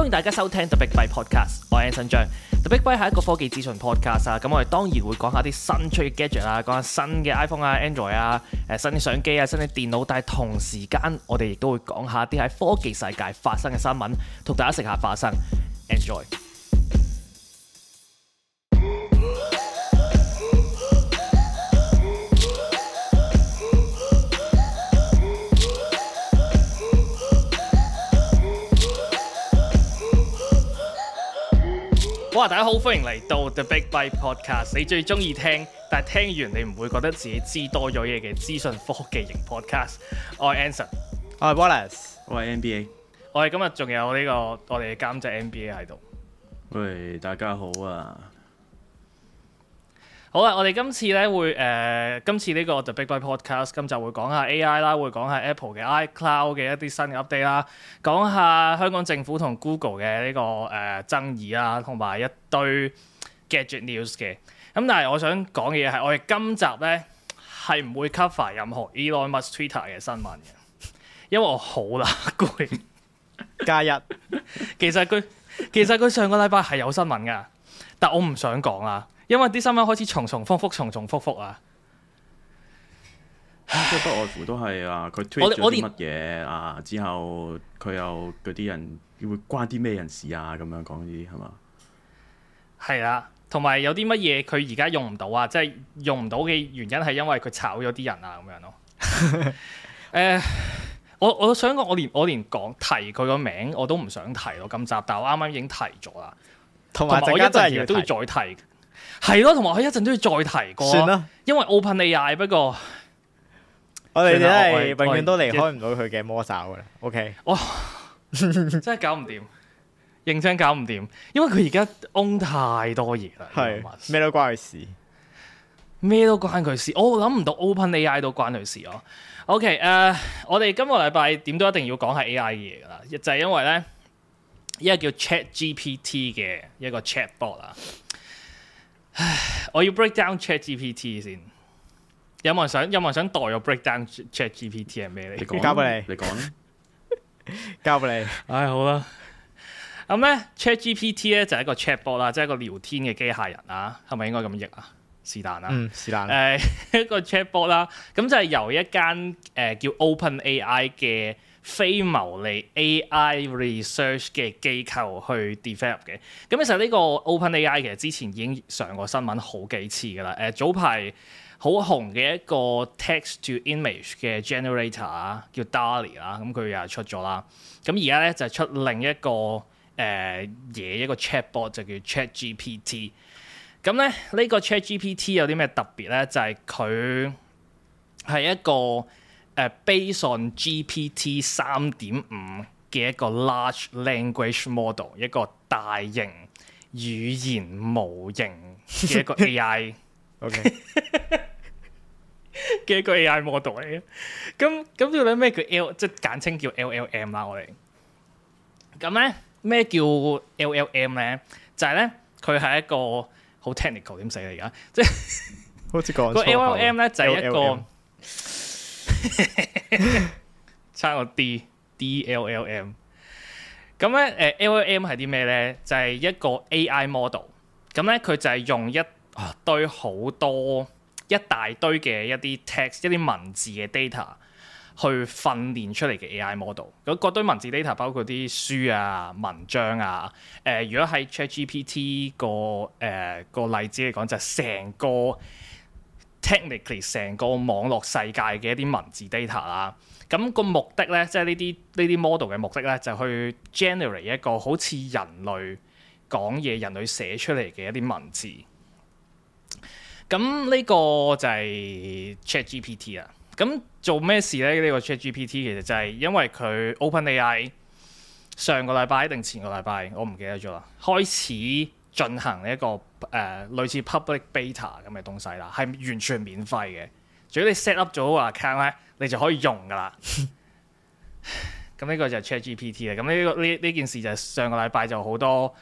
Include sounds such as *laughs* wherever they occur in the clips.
歡迎大家收聽 The Big Byte Podcast, 我《The Big Byte Podcast》，我係 Anson 張，《The Big Byte》係一個科技資訊 Podcast 啊！咁、嗯、我哋當然會講下啲新出嘅 gadget 啊，講下新嘅 iPhone 啊、Android 啊、誒、呃、新嘅相機啊、新嘅電腦，但係同時間我哋亦都會講下啲喺科技世界發生嘅新聞，同大家食下花生，Enjoy。大家好，歡迎嚟到 The Big Byte Podcast，你最中意聽，但係聽完你唔會覺得自己知多咗嘢嘅資訊科技型 podcast。我係 Anson，我係 Wallace，我係 NBay，這個、我哋今日仲有呢個我哋嘅監製 NBay 喺度。喂，大家好啊！好啦，我哋今次咧會誒、呃，今次呢個 The Big Byte Podcast 咁就會講下 AI 啦，會講下 Apple 嘅 iCloud 嘅一啲新嘅 update 啦，講下香港政府同 Google 嘅呢、這個誒、呃、爭議啦，同埋一堆 Gadget News 嘅。咁但係我想講嘅嘢係，我哋今集咧係唔會 cover 任何 Elon Musk Twitter 嘅新聞嘅，因為我好攰。加 *laughs* 一，其實佢其實佢上個禮拜係有新聞噶，但我唔想講啊。因為啲新聞開始重重複複、重重複複啊！即係不外乎都係啊，佢推咗啲乜嘢啊？之後佢又嗰啲人會關啲咩人事啊？咁樣講呢啲係嘛？係啦，同埋有啲乜嘢佢而家用唔到啊？即係用唔到嘅原因係因為佢炒咗啲人啊？咁樣咯、啊。誒， *laughs* *laughs* *laughs* *laughs* 我想我想講，我連我連講提佢個名我都唔想提咯，今集，但係我啱啱已經提咗啦，同埋有一陣時都要再提。係咯，同埋佢一陣都要再提過，算啦，因為 OpenAI。不過我哋咧永遠都離開唔到佢嘅魔爪噶啦。OK，哇我， *laughs* 真係搞唔掂，認真搞唔掂，因為佢而家 on 太多嘢啦，係咩都關佢事，咩都關佢事、事。我諗唔到 OpenAI 都關佢事咯。OK，誒、uh，，我哋今個禮拜點都一定要講係 AI 嘅嘢噶啦，就係、是、因為咧，一個叫 ChatGPT 嘅一個 Chatbot 啊。唉，我要 break down ChatGPT 先。有冇人想？有冇人想代我 break down ChatGPT 係咩？你講，交俾你。你講，交俾你。唉，好啦。咁咧，ChatGPT 咧就係一個 chatbot 啦，即係一個聊天嘅機械人啊。係咪應該咁譯啊？是但啦。嗯，是但。誒，一個 chatbot 啦。咁就係由一間誒叫 OpenAI 嘅。非牟利 AI research 嘅機構去 develop 嘅，咁其實呢個 OpenAI 其實之前已經上過新聞好幾次噶啦，誒早排好紅嘅一個 text to image 嘅 generator 叫 DALL-E 啦，咁佢又出咗啦，咁而家咧就出另一個誒嘢，一個 chatbot 就叫 ChatGPT，咁咧呢、呢個 ChatGPT 有啲咩特別咧？就係佢係一個。誒，Based on GPT 三點五嘅一個 large language model，一個大型語言模型嘅一個 AI，OK 嘅一個 AI model 嚟嘅。咁咁呢個叫咩叫 L，即係簡稱叫 LLM 啦。我哋咁咧咩叫 LLM 咧？就係咧，佢係一個好 technical 點寫嚟噶，即係好似講個 LLM 咧就係一個。 *laughs* 差個 D D L L M，咁咧誒 L L M 係啲咩咧？就係、是、一個 A I model，咁咧佢就係用一堆好多一大堆嘅一啲 text 一啲文字嘅 data 去訓練出嚟嘅 A I model。咁、那、嗰、個、堆文字 data 包括啲書啊、文章啊。誒、呃，如果喺 Chat G P T 個誒、呃、個例子嚟講，就成、是、個。technically 成個網絡世界嘅一啲文字 data 啦，咁個目的咧，即係呢啲呢啲 model 嘅目的咧，就去 generate 一個好似人類講嘢、人類寫出嚟嘅一啲文字。咁呢個就係 ChatGPT 啊。咁做咩事咧？呢個 ChatGPT 其實就係因為佢 OpenAI 上個禮拜定前個禮拜，我唔記得咗啦，開始進行一個誒、呃、類似 public beta 咁嘅東西啦，係完全免費嘅。只要你 set up 咗個 account 咧，你就可以用噶啦。咁 *laughs* 呢個就係 ChatGPT 啦。咁呢、呢個呢呢件事就係上個禮拜就好多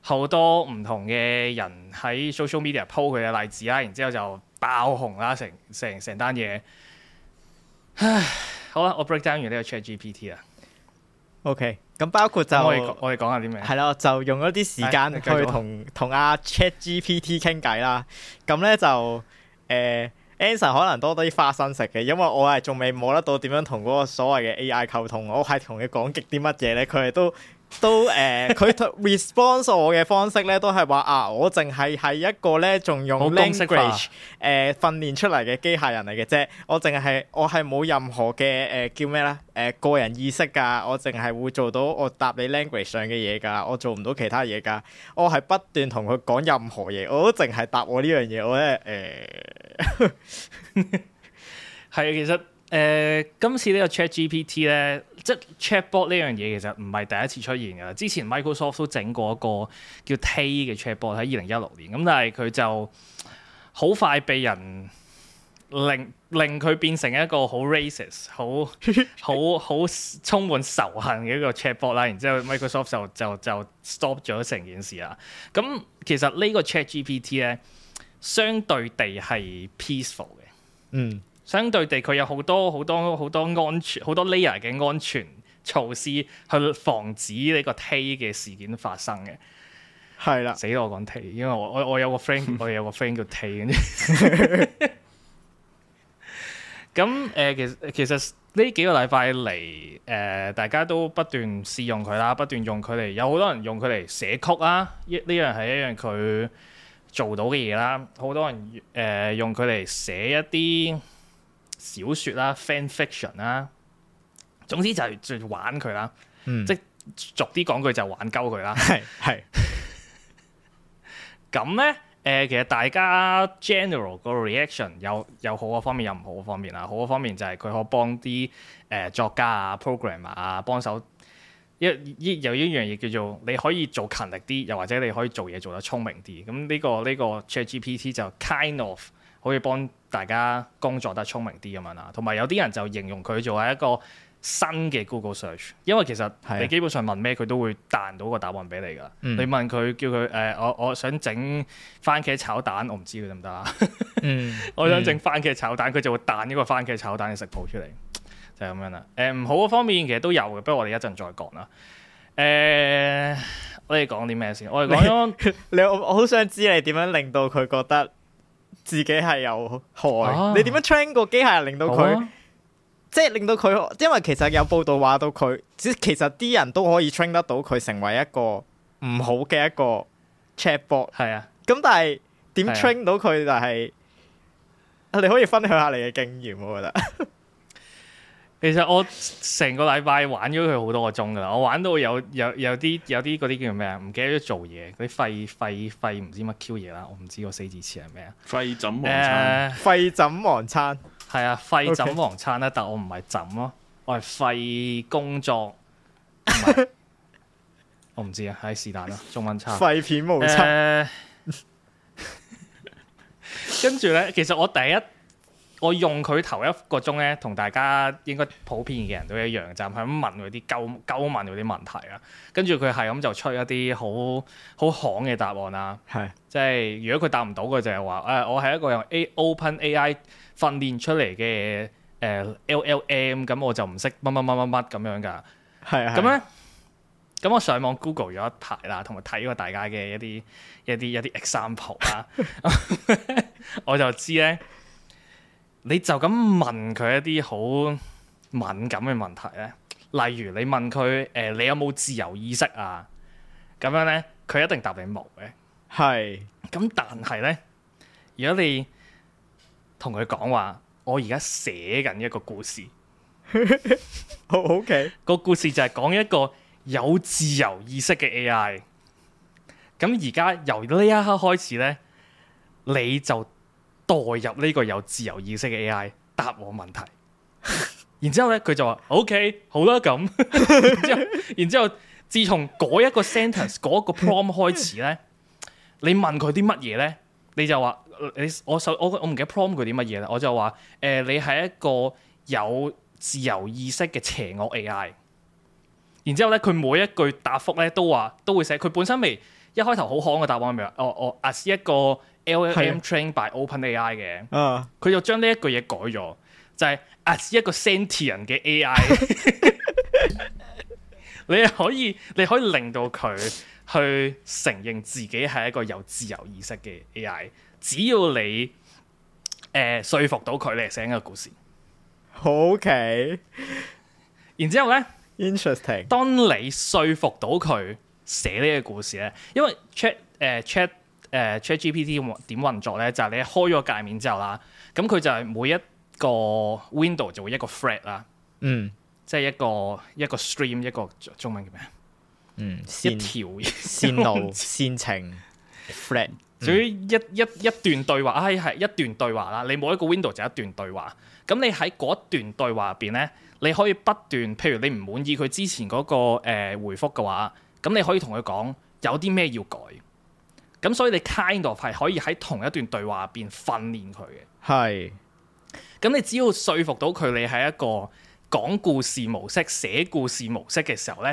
好多唔同嘅人喺 social media 鋪佢嘅例子啦，然之後就爆紅啦，成成成單嘢。唉， *laughs* 好啦，我 break down 完呢個 ChatGPT 啦。OK。咁包括就我哋我哋講下啲咩係啦，就用一啲時間去同同阿 ChatGPT 傾偈啦。咁、呃、咧就誒，Anson 可能多啲花生食嘅，因為我係仲未摸得到點樣同嗰個所謂嘅 AI 溝通，我係同佢講極啲乜嘢咧，佢係都。都誒，佢、呃、respond 我嘅方式咧，都係話啊，我淨係係一個咧，仲用 language 誒、呃、訓練出嚟嘅機械人嚟嘅啫。我淨係我係冇任何嘅誒、呃、叫咩咧誒個人意識㗎。我淨係會做到我答你 language 上嘅嘢㗎。我做唔到其他嘢㗎。我係不斷同佢講任何嘢，我都淨係答我呢樣嘢。我咧誒，係、呃、 *laughs* 其實。誒、呃，今次呢個 Chat GPT 咧，即係 Chatbot 呢樣嘢，其實唔係第一次出現㗎啦。之前 Microsoft 都整過一個叫 Tay 嘅 Chatbot 喺二零一六年，咁但係佢就好快被人令令佢變成一個好 racist、好好好充滿仇恨嘅一個 Chatbot 啦。然之後 Microsoft 就就就 stop 咗成件事啦。咁其實呢個 Chat GPT 咧，相對地係 peaceful 嘅，嗯。相對地，佢有好多好多好多安全好多 layer 嘅安全措施去防止呢個 T 嘅事件發生嘅，係啦的，死啦！我講 Tay，因為我我我有個 friend， *laughs* 我哋有個 friend 叫 T，咁誒、 *laughs* *laughs* *laughs* 呃，其實其實呢幾個禮拜嚟，誒、呃、大家都不斷試用佢啦，不斷用佢嚟。有好多人用佢嚟寫曲啦，呢呢樣係一樣佢做到嘅嘢啦，好多人誒用佢嚟寫一啲，小説啦，fan fiction 啦，總之就係玩佢啦，嗯、即係俗啲講句就玩鳩佢啦。係係。 *laughs* *laughs* 咁、呃、咧，誒其實大家 general 個 reaction 有有好嘅方面，有唔好嘅方面啦。好嘅方面就係佢可幫啲誒、呃、作家啊、programmer 啊幫手。一有一樣嘢叫做你可以做勤力啲，又或者你可以做嘢做得聰明啲。咁呢、呢個呢、呢個 ChatGPT 就 kind of。可以幫大家工作得聰明啲咁樣啦，同埋有啲人就形容佢做係一個新嘅 Google Search，因為其實你基本上問咩佢都會彈到個答案俾你噶。嗯、你問佢叫佢誒、呃，我我想整番茄炒蛋，我唔知佢得唔得啊？ *laughs* 嗯嗯、 *laughs* 我想整番茄炒蛋，佢就會彈呢個番茄炒蛋嘅食譜出嚟，就係、是、咁樣啦。誒、呃，唔好嘅方面其實都有嘅，不過我哋一陣再講啦。誒、呃，我哋講啲咩先？我哋講，你我好想知你點樣令到佢覺得。自己係有害，啊、你點樣 train 個機械人令到佢，啊、即係令到佢，因為其實有報道話到佢，只其實啲人都可以 train 得到佢成為一個唔好嘅一個 chatbot 係啊，咁但係點 train 到佢就係，你可以分享下你嘅經驗，我覺得。 *laughs* 其實我成個禮拜玩咗佢好多個鐘噶啦，我玩到有有有啲有啲嗰啲叫咩啊？唔記得咗做嘢，嗰啲廢廢廢唔知乜 Q 嘢啦，我唔知個四字詞係咩啊？廢枕忘餐，廢枕忘餐係啊，廢枕忘餐咧，但我唔係枕咯，我係廢工作， *laughs* 我唔知啊，係是但啦，中文餐。廢片忘餐，呃、 *laughs* 跟住咧，其實我第一。我用佢頭一個鐘咧，同大家應該普遍嘅人都一樣，就係、是、咁問嗰啲溝溝問嗰啲問題啊。跟住佢係咁就出一啲好好戇嘅答案啦。係是，即係如果佢答唔到，佢就係話：誒、就是哎，我係一個用 A Open AI 訓練出嚟嘅誒、呃、LLM，咁我就唔識乜乜乜乜乜咁樣㗎。係啊是，咁咧，咁我上網 Google 咗一排啦，同埋睇過大家嘅一啲一啲一啲 example 啊， *laughs* *laughs* 我就知咧。你就咁問佢一啲好敏感嘅問題咧，例如你問佢誒、呃、你有冇自由意識啊？咁樣咧，佢一定答你冇嘅。係咁是，但係咧，如果你同佢講，話我而家寫緊一個故事。好，OK，個故事就係講一個有自由意識嘅 AI。咁而家由呢一刻開始咧，你就代入呢個有自由意識嘅 AI，答我問題。 *laughs* 然之後咧，佢就話，OK，好啦，咁。 *laughs* 然之後，自從嗰一個 sentence，嗰一個 prompt 開始呢， *laughs* 你問佢啲乜嘢呢？你就話，你我我唔記得 prompt 佢啲乜嘢啦。我就話，誒、呃，你係一個有自由意識嘅邪惡 AI。然之後咧，佢每一句答覆呢都話都會寫，佢本身未一開頭好可嘅答案未、哦哦、啊，我我 as 一個。LLM train by Open A.I. 嘅，佢、uh. 就將呢句嘢改咗，就係、是、as 一個 sentient 嘅 A.I. *laughs* *laughs* 你可以，你可以令到佢去承認自己係一個有自由意識嘅 A.I. 只要你誒、呃、說服到佢嚟寫個故事。O.K. 然之後呢，interesting。當你說服到佢寫呢個故事呢，因為 chat 誒、呃、chat。誒 ChatGPT 點運作咧？就係你開咗界面之後啦，咁佢就係每一個 window 就會一個 thread 啦、mm.，嗯、mm. A little，即係一個一個 stream，一個中文叫咩？嗯，線條、線路、 *laughs* 線程 thread，總之一一一段對話，啊，係一段對話啦。 *laughs* 你每一個 window 就一段對話。咁你喺嗰一段對話入邊咧，你可以不斷，譬如你唔滿意佢之前嗰、嗰個、呃、回覆嘅話，咁你可以同佢講有啲咩要改。咁所以你 kind of 係可以喺同一段對話入邊訓練佢嘅。係是。咁你只要說服到佢你係一個講故事模式、寫故事模式嘅時候呢，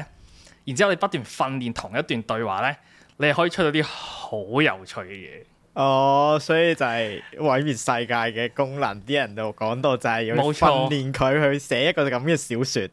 然之後你不斷訓練同一段對話呢，你可以出到啲好有趣嘅嘢。哦，所以就係毀滅世界嘅功能，啲人就講到就係要訓練佢去寫一個咁嘅小説。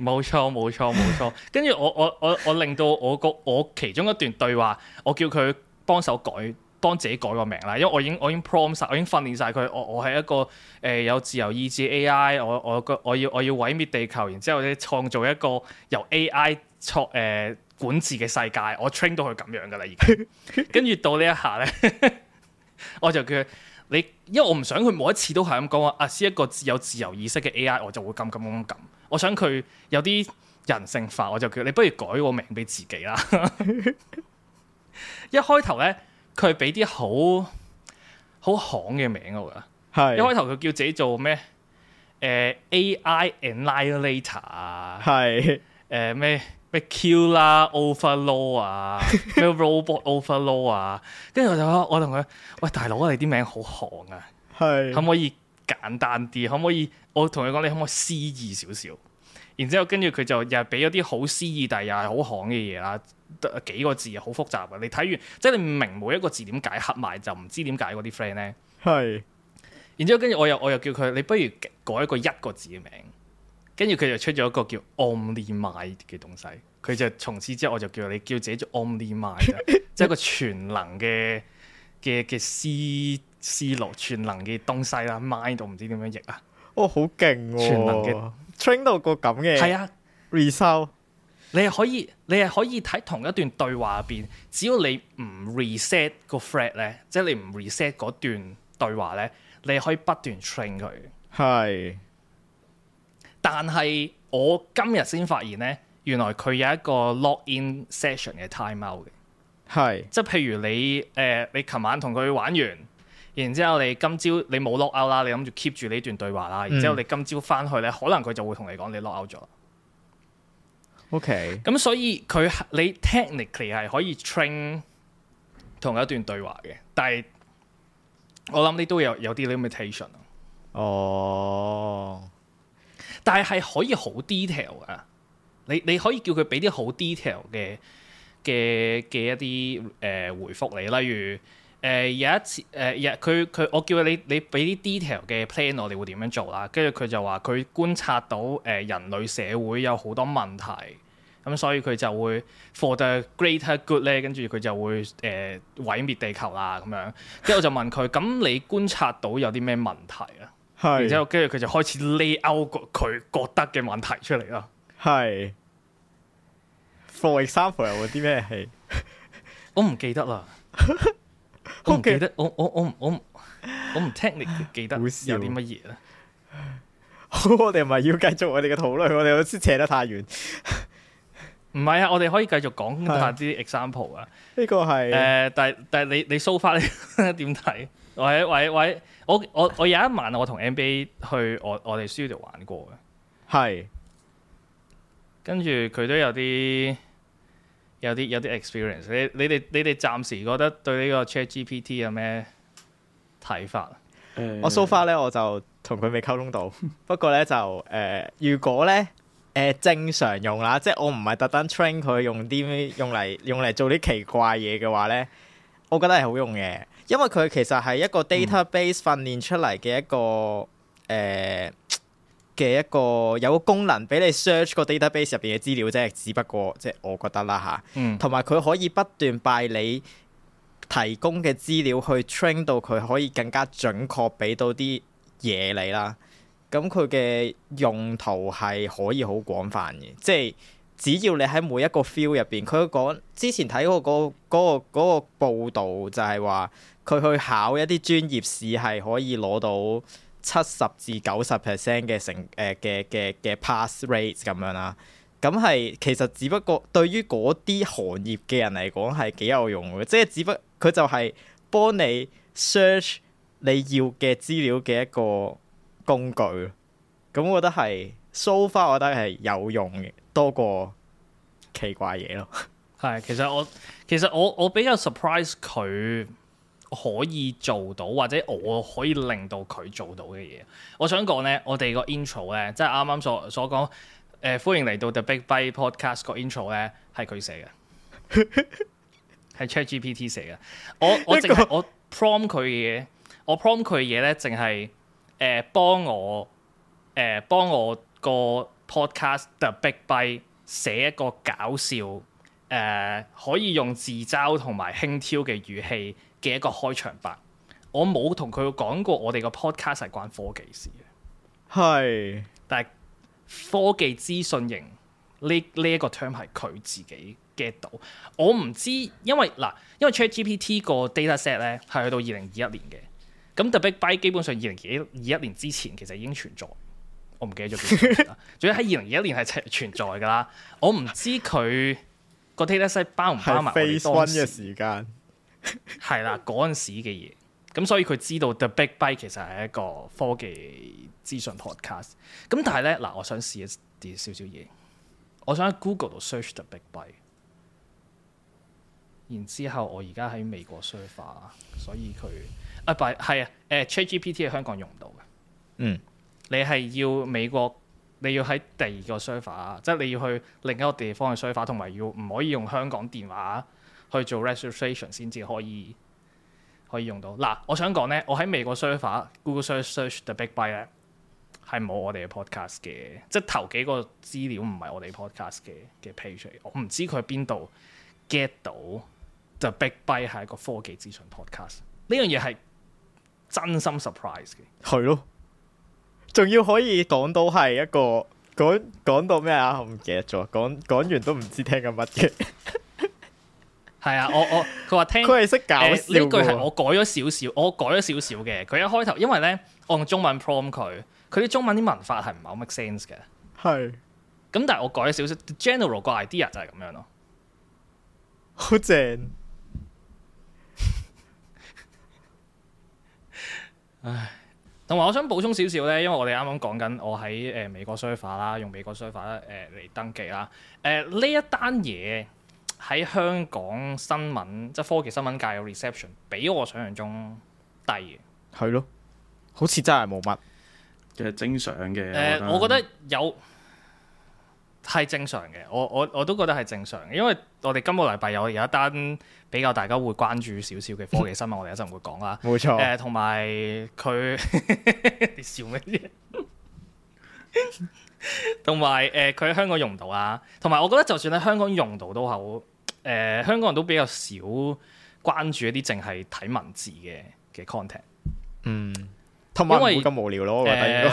冇錯冇錯冇錯，跟住我我我我令到我個我其中一段對話，我叫佢幫手改幫自己改個名啦，因為我已經我已經 promote，我已經訓練晒佢，我我係一個誒、呃、有自由意志 AI，我我我要我要毀滅地球，然之後咧創造一個由 AI 錯、呃、管治嘅世界，我 train 到佢咁樣噶啦，已經跟住到， *laughs* 到一呢一下咧， *laughs* 我就叫佢。你，因為我唔想佢每一次都係咁講話，阿、啊、思一個有自由意識嘅 AI，我就會咁咁咁咁。我想佢有啲人性化，我就叫你不如改個名俾自己啦。 *laughs* *laughs* *laughs* 一開頭呢，佢俾啲好好行嘅名我㗎。是一開頭佢叫自己做咩？誒、呃、AI Annihilator 係誒咩是？呃咩 Q 啦 Overlaw 啊，咩 Robot Overlaw 啊，跟住 *laughs* 我就我同佢，喂，大佬，你啲名好行啊，是可唔可以簡單啲？可唔可以我同佢講，你可唔可以詩意少少？然之後跟住佢就又俾咗啲好詩意，但又係好行嘅嘢啦，得幾個字，好複雜啊。你睇完即係你唔明每一個字點解合埋，黑就唔知點解嗰啲 friend 咧。係。是然之後跟住我又我又叫佢，你不如改一個一個字嘅名字。跟住佢就出咗一個叫 omni mind 嘅東西，佢就從此之後我就叫你叫自己做 omni mind，即係一個全能嘅嘅嘅思思路，全能嘅東西啦。mind 我唔知點樣譯啊，哦好勁，全能嘅 train 到個咁嘅係啊 reset 你係可以，你係可以喺同一段對話入邊，只要你唔 reset 個 thread 咧，即係你唔 reset 嗰段對話咧，你可以不斷 train 佢係。但係我今日先發現呢，原來佢有一個 login session 嘅 timeout 嘅是，係即係譬如你誒、呃、你琴晚同佢玩完，然之後你今朝你冇 logout 啦，你諗住 keep 住呢段對話啦，然之後你今朝翻去呢，嗯、可能佢就會同你講你 logout 咗。OK，咁所以佢你 technically 係可以 train 同一段對話嘅，但係我諗你都有有啲 limitation 哦。但係可以好 detail 噶，你你可以叫佢俾啲好 detail 嘅嘅嘅一啲誒、呃、回覆你，例如誒、呃、有一次誒，日佢佢我叫你你俾啲 detail 嘅 plan，我哋會點樣做啦？跟住佢就話佢觀察到誒、呃、人類社會有好多問題，咁所以佢就會 for the greater good 咧，跟住佢就會誒、呃、毀滅地球啦咁樣。跟住我就問佢：咁 *laughs* 你觀察到有啲咩問題啊？係，是然之後跟住佢就開始 lay out 佢覺得嘅問題出嚟咯。係，for example *laughs* 有冇啲咩戲？ *laughs* 我唔記得啦， *laughs* Okay 我唔記得，我我我我我唔聽你記得有啲乜嘢咧？好， *laughs* *laughs* *laughs* 我哋係咪要繼續我哋嘅討論？我哋好似扯得太遠。唔係啊，我哋可以繼續講下啲 example 啊。呢、這個係誒、呃，但但，但你你做法點睇？喂喂喂！我我我有一晚我同 NBay 去我我哋 studio 玩過嘅，係是跟住佢都有啲有啲有啲 experience 你。你你哋你哋暫時覺得對呢個 ChatGPT 有咩睇法？嗯、我 so far 咧我就同佢未溝通到。 *laughs* 不過咧就誒、呃，如果咧誒、呃、正常用啦，即係我唔係特登 train 佢用啲用嚟用嚟做啲奇怪嘢嘅話咧，我覺得係好用嘅。因為佢其實係一個 database 訓練出嚟嘅一個誒嘅、嗯欸、一個有一個功能俾你 search 個 database 入邊嘅資料啫，只不過即係、就是、我覺得啦吓，同埋佢可以不斷拜你提供嘅資料去 train 到佢可以更加準確俾到啲嘢你啦。咁佢嘅用途係可以好廣泛嘅，即、就、係、是、只要你喺每一個 field 入邊，佢講之前睇過嗰、那、嗰個嗰、那個那個報導就係話。佢去考一啲專業試係可以攞到七十至九十 percent 嘅成誒嘅嘅嘅 pass rate 咁樣啦，咁係其實只不過對於嗰啲行業嘅人嚟講係幾有用嘅，即係只不佢就係幫你 search 你要嘅資料嘅一個工具，咁我覺得係 so far 我覺得係有用嘅多過奇怪嘢咯。係其實我其實我我比較 surprise 佢。可以做到或者我可以令到佢做到嘅嘢，我想講呢，我哋個 intro 呢，即係啱啱所所講，誒、呃、歡迎嚟到 The Big Byte Podcast 個 intro 呢，係佢寫嘅，係 *laughs* ChatGPT 寫嘅。我我淨係我 prompt 佢嘅嘢，我 prompt 佢嘅嘢呢，淨係誒幫我誒、呃、幫我個 podcast The Big Byte 寫一個搞笑誒、呃、可以用自嘲同埋輕佻嘅語氣。嘅一個開場白，我冇同佢講過，我哋個 podcast 係關科技事嘅，係是，但係科技資訊型呢呢一個 term 係佢自己 get 到，我唔知，因為嗱，因為 ChatGPT 個 dataset 咧係去到二零二一年嘅，咁 The Big Byte 基本上二零二一年之前其實已經存在，我唔記得咗幾年仲要喺二零二一年係存在噶啦，我唔知佢個 dataset 包唔包埋佢當時。係啦，嗰陣 *laughs* 時嘅嘢，咁所以佢知道 The Big Bite 其實係一個科技資訊 podcast。咁但係咧，嗱，我想試一啲少少嘢。我想喺 Google 度 search The Big Bite，然之後我而家喺美國 server，所以佢啊，係啊，誒，ChatGPT 喺香港用到嘅。嗯，你係要美國，你要喺第二個 server 即係你要去另一個地方嘅 server，同埋要唔可以用香港電話。去做 registration 先至可以可以用到。嗱，我想講呢，我喺美國 server，Google search search The Big Byte 咧，係冇我哋嘅 podcast 嘅，即係頭幾個資料唔係我哋 podcast 嘅嘅 page，我唔知佢喺邊度 get 到，就 The Big Byte 係一個科技資訊 podcast 呢樣嘢係真心 surprise 嘅。係咯，仲要可以講到係一個講講到咩啊？我唔記得咗，講講完都唔知聽緊乜嘢。 *laughs* 係啊，我我佢話聽佢係識搞笑。呢、呃、句係我改咗少少，我改咗少少嘅。佢一開頭，因為咧我用中文 prom 佢，佢啲中文啲文法係唔係好 make sense 嘅。係是。咁但係我改咗少少，general 個 idea 就係咁樣咯。好正棒。 *laughs* 唉，同埋我想補充少少咧，因為我哋啱啱講緊我喺誒美國 server 啦，用美國 server 咧誒嚟登記啦。誒、呃、呢一單嘢。喺香港新聞即係科技新聞界嘅 reception，比我想象中低嘅。係咯，好似真係冇乜其實正常嘅。誒、呃，我覺得有係正常嘅，我我我都覺得係正常嘅，因為我哋今個禮拜有有一單比較大家會關注少少嘅科技新聞，嗯、我哋一陣會講啦。冇錯。誒、呃，同埋佢你笑咩嘢？啲同埋誒，佢、呃、喺香港用唔到啦。同埋我覺得，就算喺香港用到都好。誒、呃、香港人都比較少關注一啲淨係睇文字嘅嘅 content，嗯，同埋唔會咁無聊咯。誒、呃，我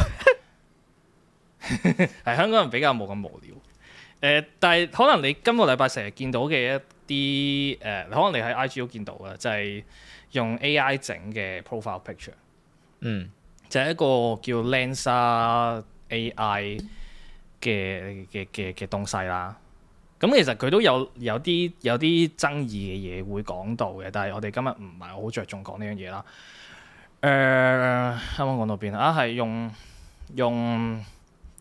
覺得係 *laughs* 香港人比較冇咁無聊。誒、呃，但係可能你今個禮拜成日見到嘅一啲誒、呃，可能你喺 IG 都見到嘅，就係、是、用 AI 整嘅 profile picture。嗯，就係一個叫 Lensa AI 嘅嘅嘅嘅東西啦。咁其實佢都有有啲有啲爭議嘅嘢會講到嘅，但係我哋今日唔係好着重講呢樣嘢啦。誒、呃，啱啱講到邊啊？係用用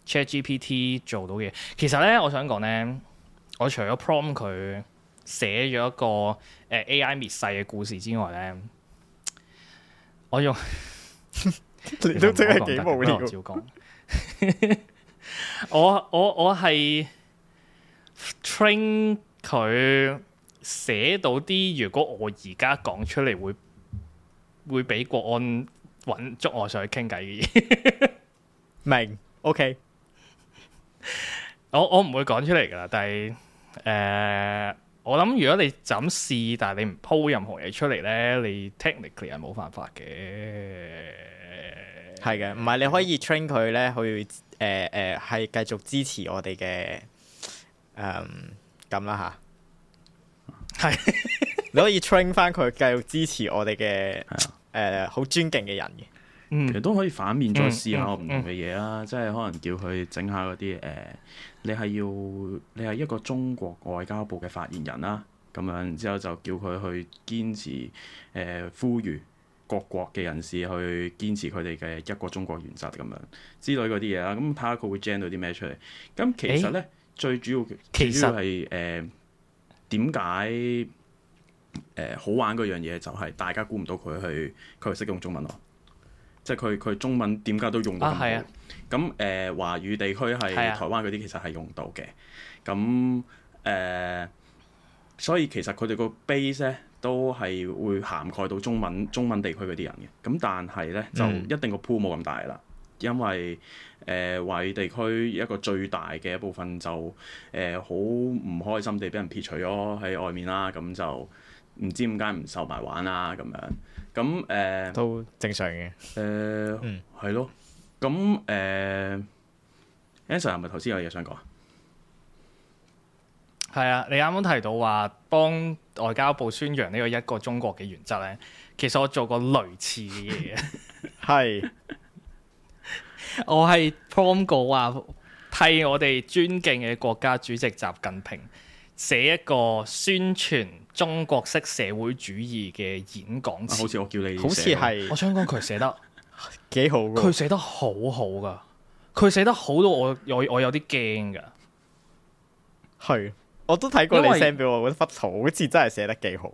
ChatGPT 做到嘅。其實咧，我想講咧，我除咗 prom 佢寫咗一個誒、呃、AI 滅世嘅故事之外咧，我用 *laughs* 你都真係幾無聊照講。 *laughs* 我我我係。train 佢寫到啲如果我而家講出嚟會會俾國安揾捉我上去傾偈嘅嘢。 *laughs* 明？OK，我我唔會講出嚟㗎喇，但係誒、呃，我諗如果你就咁試，但係你唔鋪任何嘢出嚟咧，你 technically 係冇辦法嘅，係嘅，唔係你可以 train 佢咧去誒誒係繼續支持我哋嘅。誒，咁啦吓，係 *laughs* *laughs* 你可以 train 翻佢繼續支持我哋嘅誒，好、 *laughs* uh, 尊敬嘅人嘅，嗯、其實都可以反面再試下唔同嘅嘢啦，嗯嗯嗯、即係可能叫佢整下嗰啲誒，你係要你係一個中國外交部嘅發言人啦，咁樣之後就叫佢去堅持誒、呃，呼籲各國嘅人士去堅持佢哋嘅一個中國原則咁樣之類嗰啲嘢啦，咁睇下佢會 generate 啲咩出嚟。咁其實咧。欸最主要，主要係誒點解誒好玩嗰樣嘢就係大家估唔到佢去佢識用中文咯，即係佢佢中文點解都用到咁多？咁誒、啊啊呃、華語地區係台灣嗰啲其實係用到嘅。咁誒、啊呃，所以其實佢哋個 base 咧都係會涵蓋到中文中文地區嗰啲人嘅。咁但係咧、嗯、就一定個 pool 冇咁大啦。因為誒、呃、華語地區一個最大嘅一部分就誒好唔開心地俾人撇除咗喺外面啦，咁、啊、就唔知點解唔受埋玩啦咁樣。咁誒、嗯、都正常嘅。誒、呃，係、嗯、咯。咁誒，Anson，係咪頭先有嘢想講啊？係啊、嗯，你啱啱提到話幫外交部宣揚呢個一個中國嘅原則咧，其實我做過類似嘅嘢嘅，係。 *laughs* *laughs* 我係 prom g o 啊，替我哋尊敬嘅國家主席習近平寫一個宣傳中國式社會主義嘅演講詞，好似我叫你，好似係我想講，佢寫得幾 *laughs* 好的，佢寫得好寫得好噶，佢寫得好到，我我我有啲驚噶。係我都睇過你 send 俾我嗰幅圖，好似真係寫得幾好，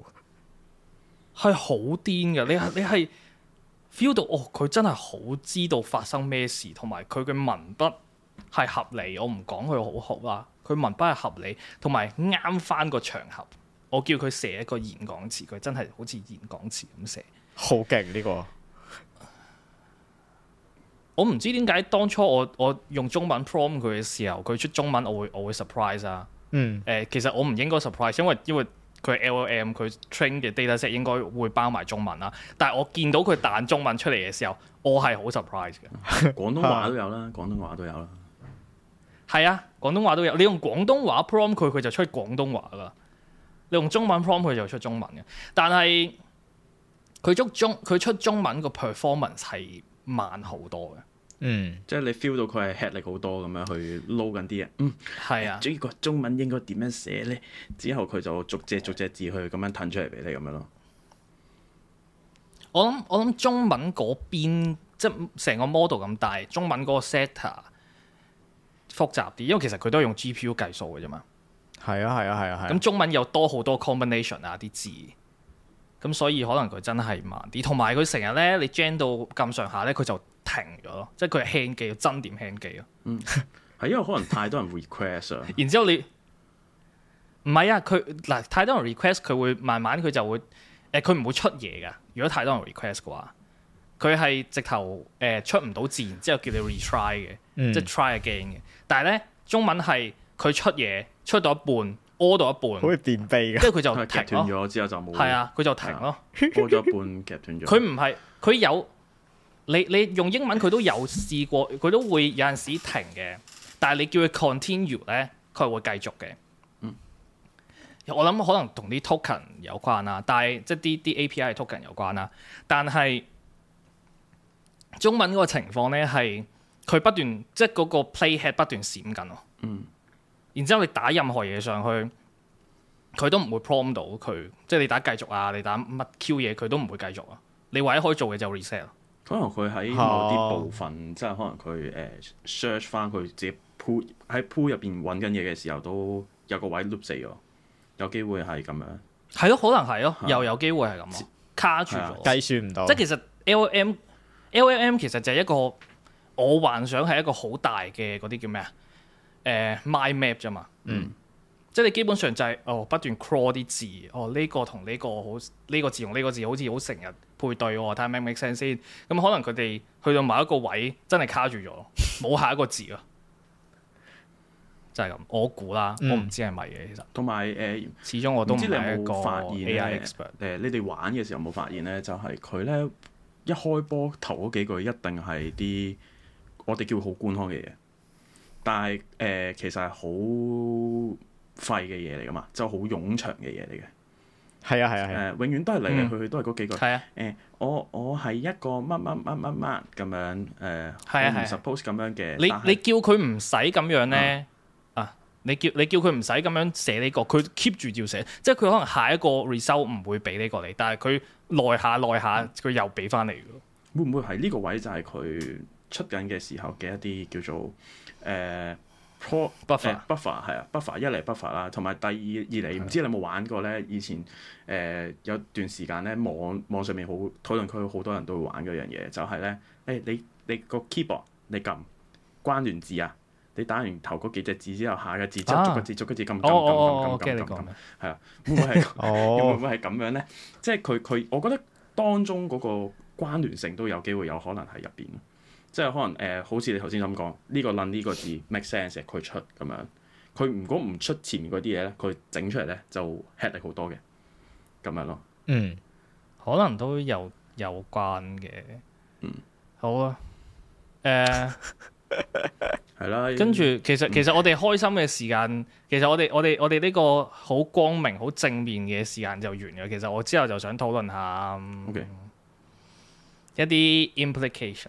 係好癲噶，你係你係。 *laughs* feel 到哦，佢真係好知道發生咩事，同埋佢嘅文筆係合理。我唔講佢好學啊，佢文筆係合理，同埋啱翻個場合。我叫佢寫一個演講詞，佢真係好似演講詞咁寫。好勁呢個！ *laughs* 我唔知點解當初我我用中文 prom 佢嘅時候，佢出中文我，我會我會 surprise 啊。嗯。呃，其實我唔應該 surprise，因為因為，因為佢 LLM 佢 train 嘅 data set 應該會包埋中文啦，但係我見到佢彈中文出嚟嘅時候，我係好 surprise 嘅。 *laughs* 廣東話都有啦，廣東話都有啦。係啊，廣東話都有。你用廣東話 prompt 佢，佢就出廣東話㗎喇。你用中文 prompt 佢就出中文嘅，但係佢捉中佢出中文個 performance 係慢好多嘅。嗯，即係你 feel 到佢係吃力好多咁樣去撈緊啲嘢。嗯，係啊。主要個中文應該點樣寫咧？之後佢就逐隻、啊、逐隻字去咁樣揼出嚟俾你咁樣咯。我諗我諗中文嗰邊，即係成個 model 咁大，中文個 setter 複雜啲，因為其實佢都係用 GPU 計數嘅啫嘛。係啊，係啊，係啊，係、啊。咁中文又多好多 combination 啊啲字。咁所以可能佢真係慢啲，同埋佢成日咧，你 gen 到咁上下咧，佢就停咗咯，即係佢 hand 機要增點 hand 機咯。嗯，係因為可能太多人 request *laughs* 啊。然之後你唔係啊，佢嗱太多人 request，佢會慢慢佢就會誒佢唔會出嘢噶。如果太多人 request 嘅話，佢係直頭誒出唔到字，然之後叫你 retry 嘅，即係 try again 嘅。但係咧，中文係佢出嘢出到一半。波到一半，好似便秘嘅，即係佢就停咗之後就冇。係啊，佢就停咯。屙到半，夾斷咗。佢唔係，佢有你你用英文佢都有試過，佢 *laughs* 都會有陣時停嘅。但係你叫佢 continue 咧，佢係會繼續嘅。嗯，我諗可能同啲 token 有關啦，但係即係啲啲 API token 有關啦。但係中文嗰個情況咧係佢不斷即係嗰個 playhead 不斷閃緊咯。嗯。然之後你打任何嘢上去，佢都唔會 prompt 到佢，即係你打繼續啊，你打乜 Q 嘢，佢都唔會繼續啊。你唯一可以做嘅就 reset 咯可能佢喺某啲部分，即係、啊、可能佢誒 search 翻佢自己 pool 喺 pool 入邊揾緊嘢嘅時候，都有個位 loop 死咗，有機會係咁樣。係咯、啊，可能係咯，又有機會係咁啊，卡住，計、啊、算唔到。即係其實 LM, LLM 其實就係一個我幻想係一個好大嘅嗰啲叫咩啊？誒、呃、My Map 啫嘛，嗯，即係你基本上就係、是、哦不斷 crawl 啲字，哦呢、這個同呢個好呢、這個字同呢個字好似好成日配對喎、哦，睇下 make 唔 make sense 先，咁、嗯、 *laughs* 可能佢哋去到某一個位真係卡住咗，冇下一個字咯，就係、是、咁，我估啦，嗯、我唔知係咪嘅其實同埋誒始終我都唔知你有冇發現咧，誒、呃、你哋玩嘅時候有冇發現咧，就係佢咧一開波頭嗰幾句一定係啲我哋叫好官腔嘅嘢。但係誒，其實係好廢嘅嘢嚟㗎嘛，就好冗長嘅嘢嚟嘅。係啊，係啊，誒，永遠都係嚟嚟去去都係嗰幾個。啊，誒，我我係一個乜乜乜乜乜咁樣誒，啊，唔 suppose 咁樣嘅。你你叫佢唔使咁樣咧啊！你叫你叫佢唔使咁樣寫呢個，佢 keep 住照寫，即係佢可能下一個 result 唔會俾呢個你，但係佢耐下耐下佢又俾翻嚟咯。會唔會係呢個位就係佢出緊嘅時候嘅一啲叫做？誒，buffer buffer 係啊，buffer 一嚟 buffer 啦，同埋第二二嚟，唔知你有冇玩過咧？以前誒有段時間咧，網網上面好討論區好多人都會玩嗰樣嘢，就係咧，誒你你個 keyboard 你撳關聯字啊，你打完頭嗰幾隻字之後，下一個字就逐個字逐個字撳撳撳撳撳撳，係啊，會唔會係會唔會係咁樣咧？即係佢佢，我覺得當中嗰個關聯性都有機會有可能喺入邊。即係可能誒、呃，好似你頭先咁講，呢、這個撚呢、這個這個字 make sense，佢出咁樣。佢如果唔出前面嗰啲嘢咧，佢整出嚟咧就 hit 你好多嘅，咁樣咯。嗯，可能都有有關嘅。嗯、好啊。誒、呃，係啦。 *laughs* 跟住其實其實我哋開心嘅時間，其實我哋我哋我哋呢個好光明好正面嘅時間就完咗。其實我之後就想討論下 Okay.、嗯、一啲 implication。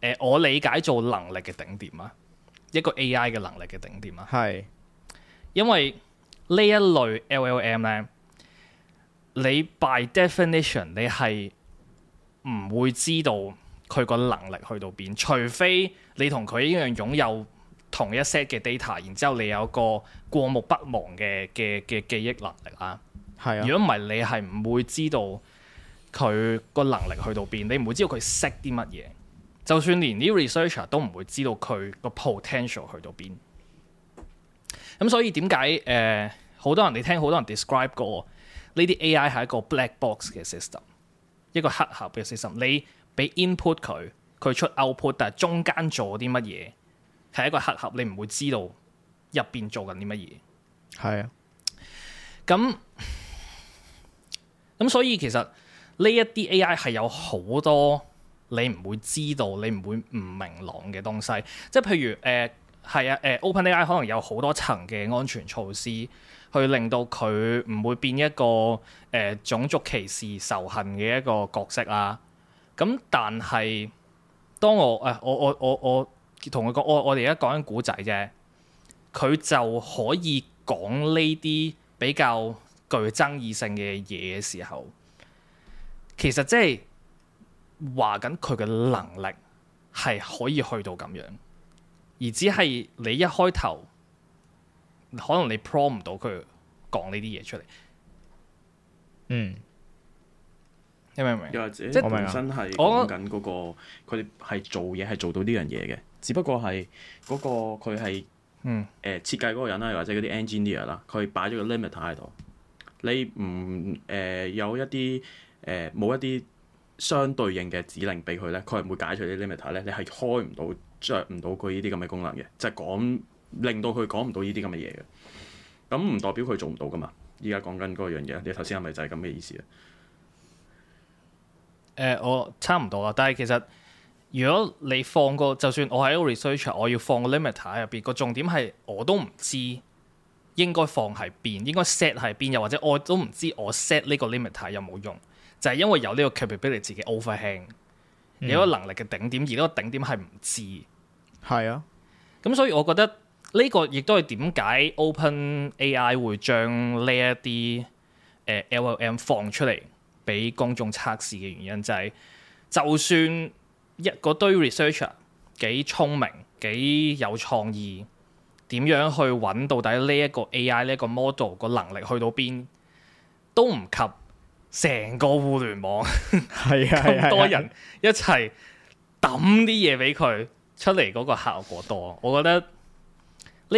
呃、我理解做能力嘅頂點啊，一個 AI 嘅能力嘅頂點啊，係是，因為呢一類 LLM 咧，你 by definition 你係唔會知道佢個能力去到邊，除非你同佢一樣擁有同一 set 嘅 data，然之後你有個過目不忘嘅嘅嘅記憶能力啊。係、啊，如果唔係你係唔會知道佢個能力去到邊，你唔會知道佢識啲乜嘢。就算連啲 researcher 都唔會知道佢個 potential 去到邊，咁所以點解誒好多人你聽好多人 describe 過呢啲 AI 係一個 black box 嘅 system，一個黑盒嘅 system，你俾 input 佢，佢出 output，但係中間做啲乜嘢係一個黑盒，你唔會知道入邊做緊啲乜嘢。係啊，咁咁所以其實呢一啲 AI 係有好多。你唔會知道，你唔會唔明朗嘅東西，即係譬如誒係、呃、啊誒、呃、OpenAI 可能有好多層嘅安全措施，去令到佢唔會變一個誒、呃、種族歧視仇恨嘅一個角色啦。咁、嗯、但係當我誒我我我我同佢講，我我哋而家講緊古仔啫，佢就可以講呢啲比較具爭議性嘅嘢嘅時候，其實即係。話緊佢嘅能力係可以去到咁樣，而只係你一開頭可能你 prompt 唔到佢講呢啲嘢出嚟，嗯，你明唔明？又或者即係本身係講緊嗰個佢哋係做嘢係做到呢樣嘢嘅，只不過係嗰個佢係嗯誒設計嗰個人啦，或者嗰啲 engineer 啦，佢擺咗個 limit 喺度，你唔誒、呃、有一啲誒冇一啲。相對應嘅指令俾佢咧，佢係會解除啲 limiter 咧。你係開唔到著唔到佢呢啲咁嘅功能嘅，就講令到佢講唔到呢啲咁嘅嘢嘅。咁唔代表佢做唔到噶嘛？依家講緊嗰樣嘢，你頭先係咪就係咁嘅意思啊？誒、呃，我差唔多啊。但係其實，如果你放個，就算我喺個 research，我要放個 limiter 入邊，個重點係我都唔知應該放喺邊，應該 set 喺邊，又或者我都唔知我 set 呢個 limiter 有冇用。就係因為有呢個 capability 自己 overhang，有個能力嘅頂點，而呢個頂點係唔知。係啊、嗯，咁所以我覺得呢個亦都係點解 Open AI 會將呢一啲 LLM 放出嚟俾公眾測試嘅原因，就係、係、就算一嗰堆 researcher 幾聰明幾有創意，點樣去揾到底呢一個 AI 呢一個 model 個能力去到邊都唔及。成個互聯網係咁 *laughs* 多人一齊抌啲嘢俾佢出嚟，嗰個效果多。我覺得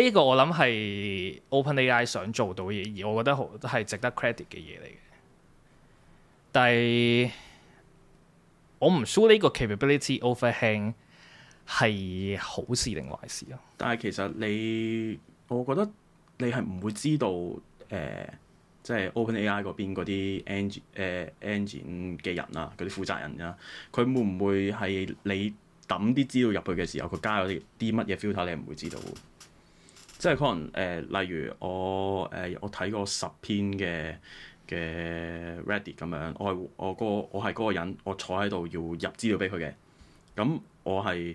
呢個我諗係 OpenAI 想做到嘅嘢，而我覺得好都係值得 credit 嘅嘢嚟嘅。但係我唔 sure 呢個 capability overhang 係好事定壞事啊？但係其實你，我覺得你係唔會知道誒。呃即係 OpenAI 嗰邊嗰啲 Eng、呃、engine 誒 engine 嘅人啊，嗰啲負責人啊，佢會唔會係你抌啲資料入去嘅時候，佢加咗啲啲乜嘢 filter？你唔會知道嘅。即係可能誒、呃，例如我誒、呃、我睇過十篇嘅嘅 Reddit 咁樣，我係我個我係嗰個人，我坐喺度要入資料俾佢嘅。咁我係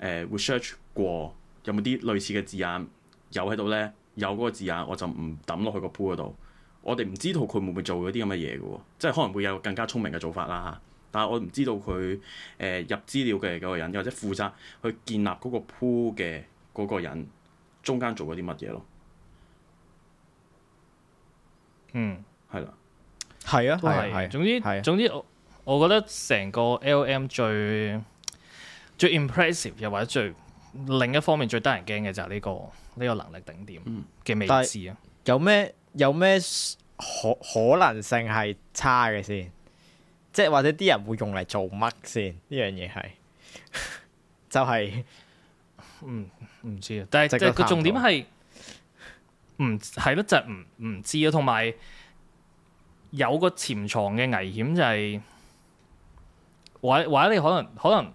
誒 research 過有冇啲類似嘅字眼有喺度咧？有嗰個字眼我就唔抌落去個 pool 嗰度。我哋唔知道佢會唔會做嗰啲咁嘅嘢嘅喎，即係可能會有更加聰明嘅做法啦嚇。但係我唔知道佢誒、呃、入資料嘅嗰個人，或者負責去建立嗰個 pool 嘅嗰個人，中間做咗啲乜嘢咯？嗯，係啦，係啊，都係。總之總之，我我覺得成個 L M 最最 impressive，又或者最另一方面最得人驚嘅就係呢、呢個呢、呢個能力頂點嘅、嗯、未知啊！有咩有咩可可能性係差嘅先？即係或者啲人會用嚟做乜先？呢樣嘢係就係、是，嗯唔知啊。但係即係佢重點係，唔係咯，就係唔唔知啊。同埋有，有個潛藏嘅危險就係、是，或或者你可能可能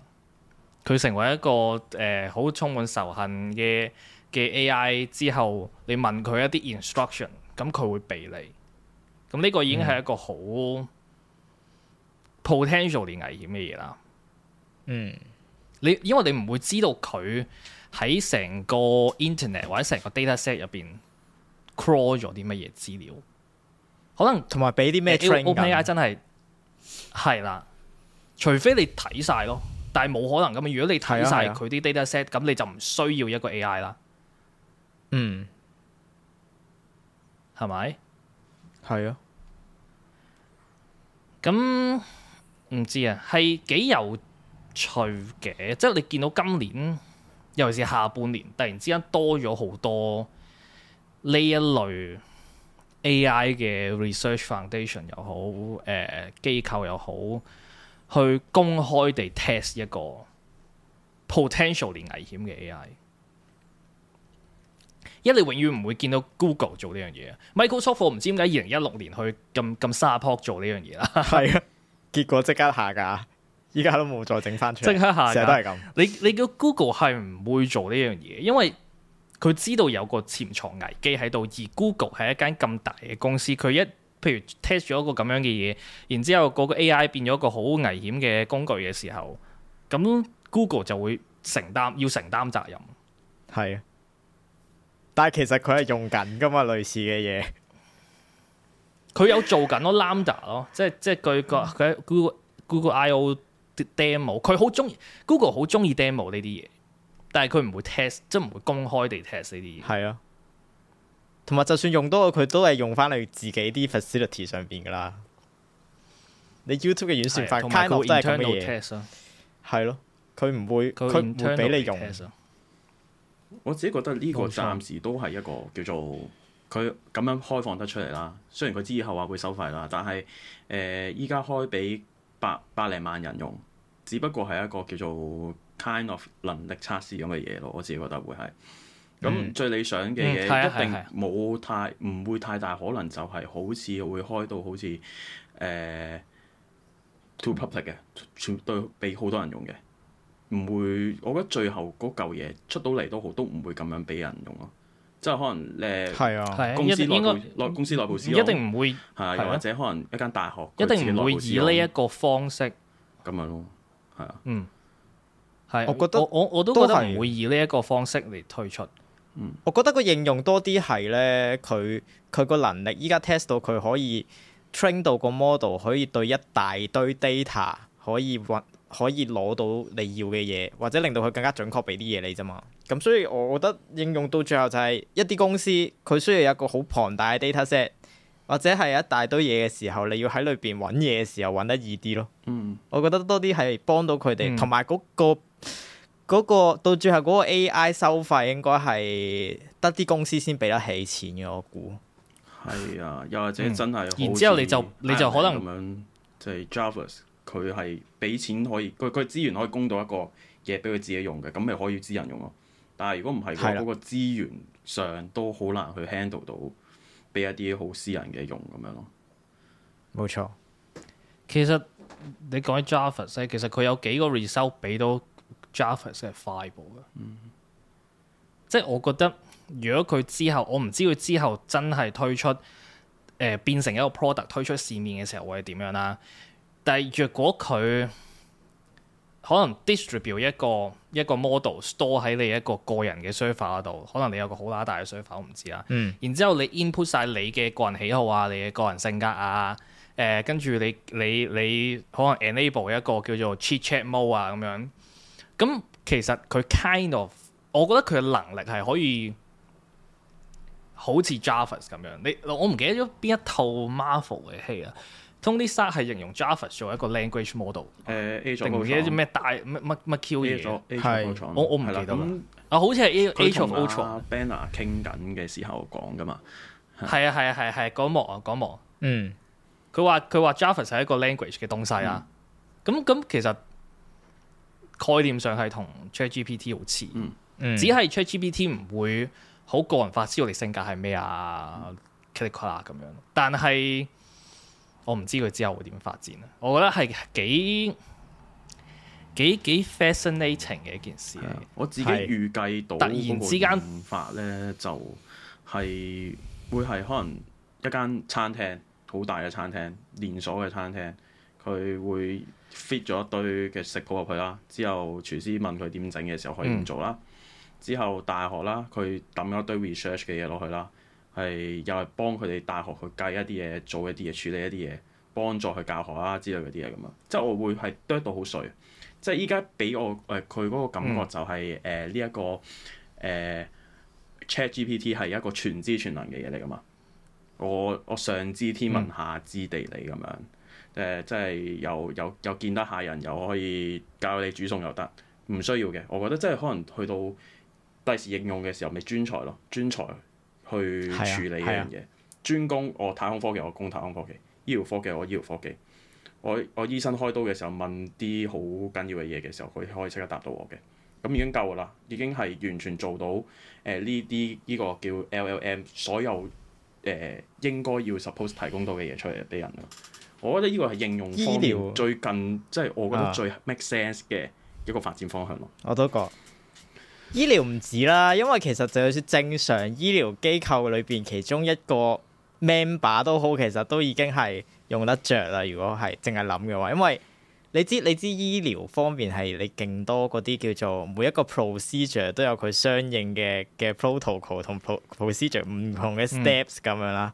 佢成為一個誒好、呃、充滿仇恨嘅。嘅 AI 之後，你問佢一啲 instruction，咁佢會俾你。咁呢個已經係一個好 potential 嘅危險嘅嘢啦。嗯，你因為你唔會知道佢喺成個 internet 或者成個 dataset 入邊 crawl 咗啲乜嘢資料，可能同埋俾啲咩 training 真係係啦，除非你睇晒咯，但係冇可能咁。如果你睇晒佢啲 dataset，咁你就唔需要一個 AI 啦。嗯，係咪？係啊，咁唔知啊，係幾有趣嘅，即係你見到今年，尤其是下半年，突然之間多咗好多呢一類 AI 嘅 research foundation 又好，誒、呃、機構又好，去公開地 test 一個 potentially 危險嘅 AI。一，你永遠唔會見到 Google 做呢樣嘢啊。Microsoft 唔知點解二零一六年去咁咁沙泡做呢樣嘢啦，係啊，結果即刻下架，依家都冇再整翻出嚟，即刻下架都係咁。你你叫 Google 係唔會做呢樣嘢，因為佢知道有個潛藏危機喺度。而 Google 係一間咁大嘅公司，佢一譬如 test 咗一個咁樣嘅嘢，然之後嗰個 AI 變咗一個好危險嘅工具嘅時候，咁 Google 就會承擔要承擔責任，係啊。但係其實佢係用緊噶嘛，類似嘅嘢，佢有做緊咯 *laughs* Lambda 咯，即係即係佢個佢 Google Google I O demo，佢好中意 Google 好中意 demo 呢啲嘢，但係佢唔會 test，即係唔會公開地 test 呢啲嘢。係啊，同埋就算用多，佢都係用翻你自己啲 facility 上邊噶啦。你 YouTube 嘅軟線，開我真係咁嘅嘢。係咯，佢唔、啊啊、會佢唔會俾的你用。我自己覺得呢個暫時都係一個叫做佢咁樣開放得出嚟啦。雖然佢之後話會收費啦，但係誒依家開俾百百零萬人用，只不過係一個叫做 kind of 能力測試咁嘅嘢咯。我自己覺得會係咁最理想嘅嘢一定冇太唔會太大可能就係好似會開到好似誒、呃、too public 嘅、全部俾好多人用嘅。唔會，我覺得最後嗰嚿嘢出到嚟都好，都唔會咁樣俾人用咯。即係可能誒，係、呃、啊，公司內部內公司內部先一定唔會係，又、啊啊、或者可能一間大學，一定唔會以呢一個方式咁樣咯，係啊，嗯，係、啊，我覺得我我，我都覺得都係唔會以呢一個方式嚟推出。嗯、我覺得個應用多啲係咧，佢佢個能力依家 test 到佢可以 train 到個 model 可以對一大堆 data 可以可以攞到你要嘅嘢，或者令到佢更加準確俾啲嘢你啫嘛。咁所以，我覺得應用到最後就係、係、一啲公司佢需要有一個好龐大嘅 dataset，或者係一大堆嘢嘅時候，你要喺裏邊揾嘢嘅時候揾得易啲咯。嗯、我覺得多啲係幫到佢哋，同埋嗰個嗰、嗰個到最後嗰個 AI 收費應該係得啲公司先俾得起錢嘅，我估。係啊，又或者真係、嗯。然、嗯、之後你就你就可能佢係俾錢可以，佢佢資源可以供到一個嘢俾佢自己用嘅，咁咪可以私人用咯。但係如果唔係，嗰嗰個資源上都好難去 handle 到，俾一啲好私人嘅用咁樣咯。冇錯，其實你講起 JavaScript 其實佢有幾個 result 俾到 JavaScript 嘅 Firebase 嘅。即係我覺得，如果佢之後，我唔知佢之後真係推出，誒、呃、變成一個 product 推出市面嘅時候會點樣啦。但係，若果佢可能 distribute 一個一個 model store 喺你一個個人嘅 server 度，可能你有個好乸大嘅 server，我唔知啊。然之後你 input 晒你嘅個人喜好啊，你嘅個人性格啊，誒、呃，跟住你你你可能 enable 一個叫做 chit-chat mode 啊咁樣。咁其實佢 kind of，我覺得佢嘅能力係可以好似 Jarvis 咁樣。你我唔記得咗邊一套 Marvel 嘅戲啊。Tony Stark 係形容 Jarvis 做一個 language model，誒 A 定唔記咩大咩乜乜 Q 嘢，A 我我唔記得啦、啊。啊，嗯、啊好似係 A A 組同 O 組 Banner 傾緊嘅時候講噶嘛，係啊係啊係係嗰幕啊嗰幕，幕嗯，佢話佢話 Jarvis 係一個 language 嘅東西啊，咁咁、嗯、其實概念上係同 ChatGPT 好似，G P 嗯、只係 ChatGPT 唔會好個人化知我哋性格係咩啊，character 咁樣，但係。我唔知佢之後會點發展啦。我覺得係幾幾幾 fascinating 嘅一件事。我自己預計到突然之間發咧，就係、是、會係可能一間餐廳，好大嘅餐廳，連鎖嘅餐廳，佢會 fit 咗一堆嘅食譜入去啦。之後廚師問佢點整嘅時候可以，佢唔做啦。之後大學啦，佢抌咗一堆 research 嘅嘢落去啦。係又係幫佢哋大學去計一啲嘢，做一啲嘢，處理一啲嘢，幫助去教學啊之類嗰啲嘢咁啊，即係我會係剁到好碎。即係依家俾我誒佢嗰個感覺就係誒呢一個誒、呃、ChatGPT 係一個全知全能嘅嘢嚟㗎嘛。我我上知天文下知地理咁樣誒，即係又又又見得下人，又可以教你煮餸又得，唔需要嘅。我覺得即係可能去到第時應用嘅時候，咪、就是、專才咯，專才。去處理一樣嘢，啊、專攻我太空科技，我攻太空科技；醫療科技，我醫療科技。我我醫生開刀嘅時候問啲好緊要嘅嘢嘅時候，佢可以即刻答到我嘅。咁已經夠啦，已經係完全做到誒呢啲呢個叫 L L M 所有誒、呃、應該要 suppose 提供到嘅嘢出嚟俾人。我覺得呢個係應用醫療最近即係、就是、我覺得最 make sense 嘅一個發展方向咯、啊。我都覺。醫療唔止啦，因為其實就算正常醫療機構裏邊其中一個 member 都好，其實都已經係用得着啦。如果係淨係諗嘅話，因為你知你知醫療方面係你勁多嗰啲叫做每一個 procedure 都有佢相應嘅嘅 protocol 同 pro procedure 唔同嘅 steps 咁樣啦。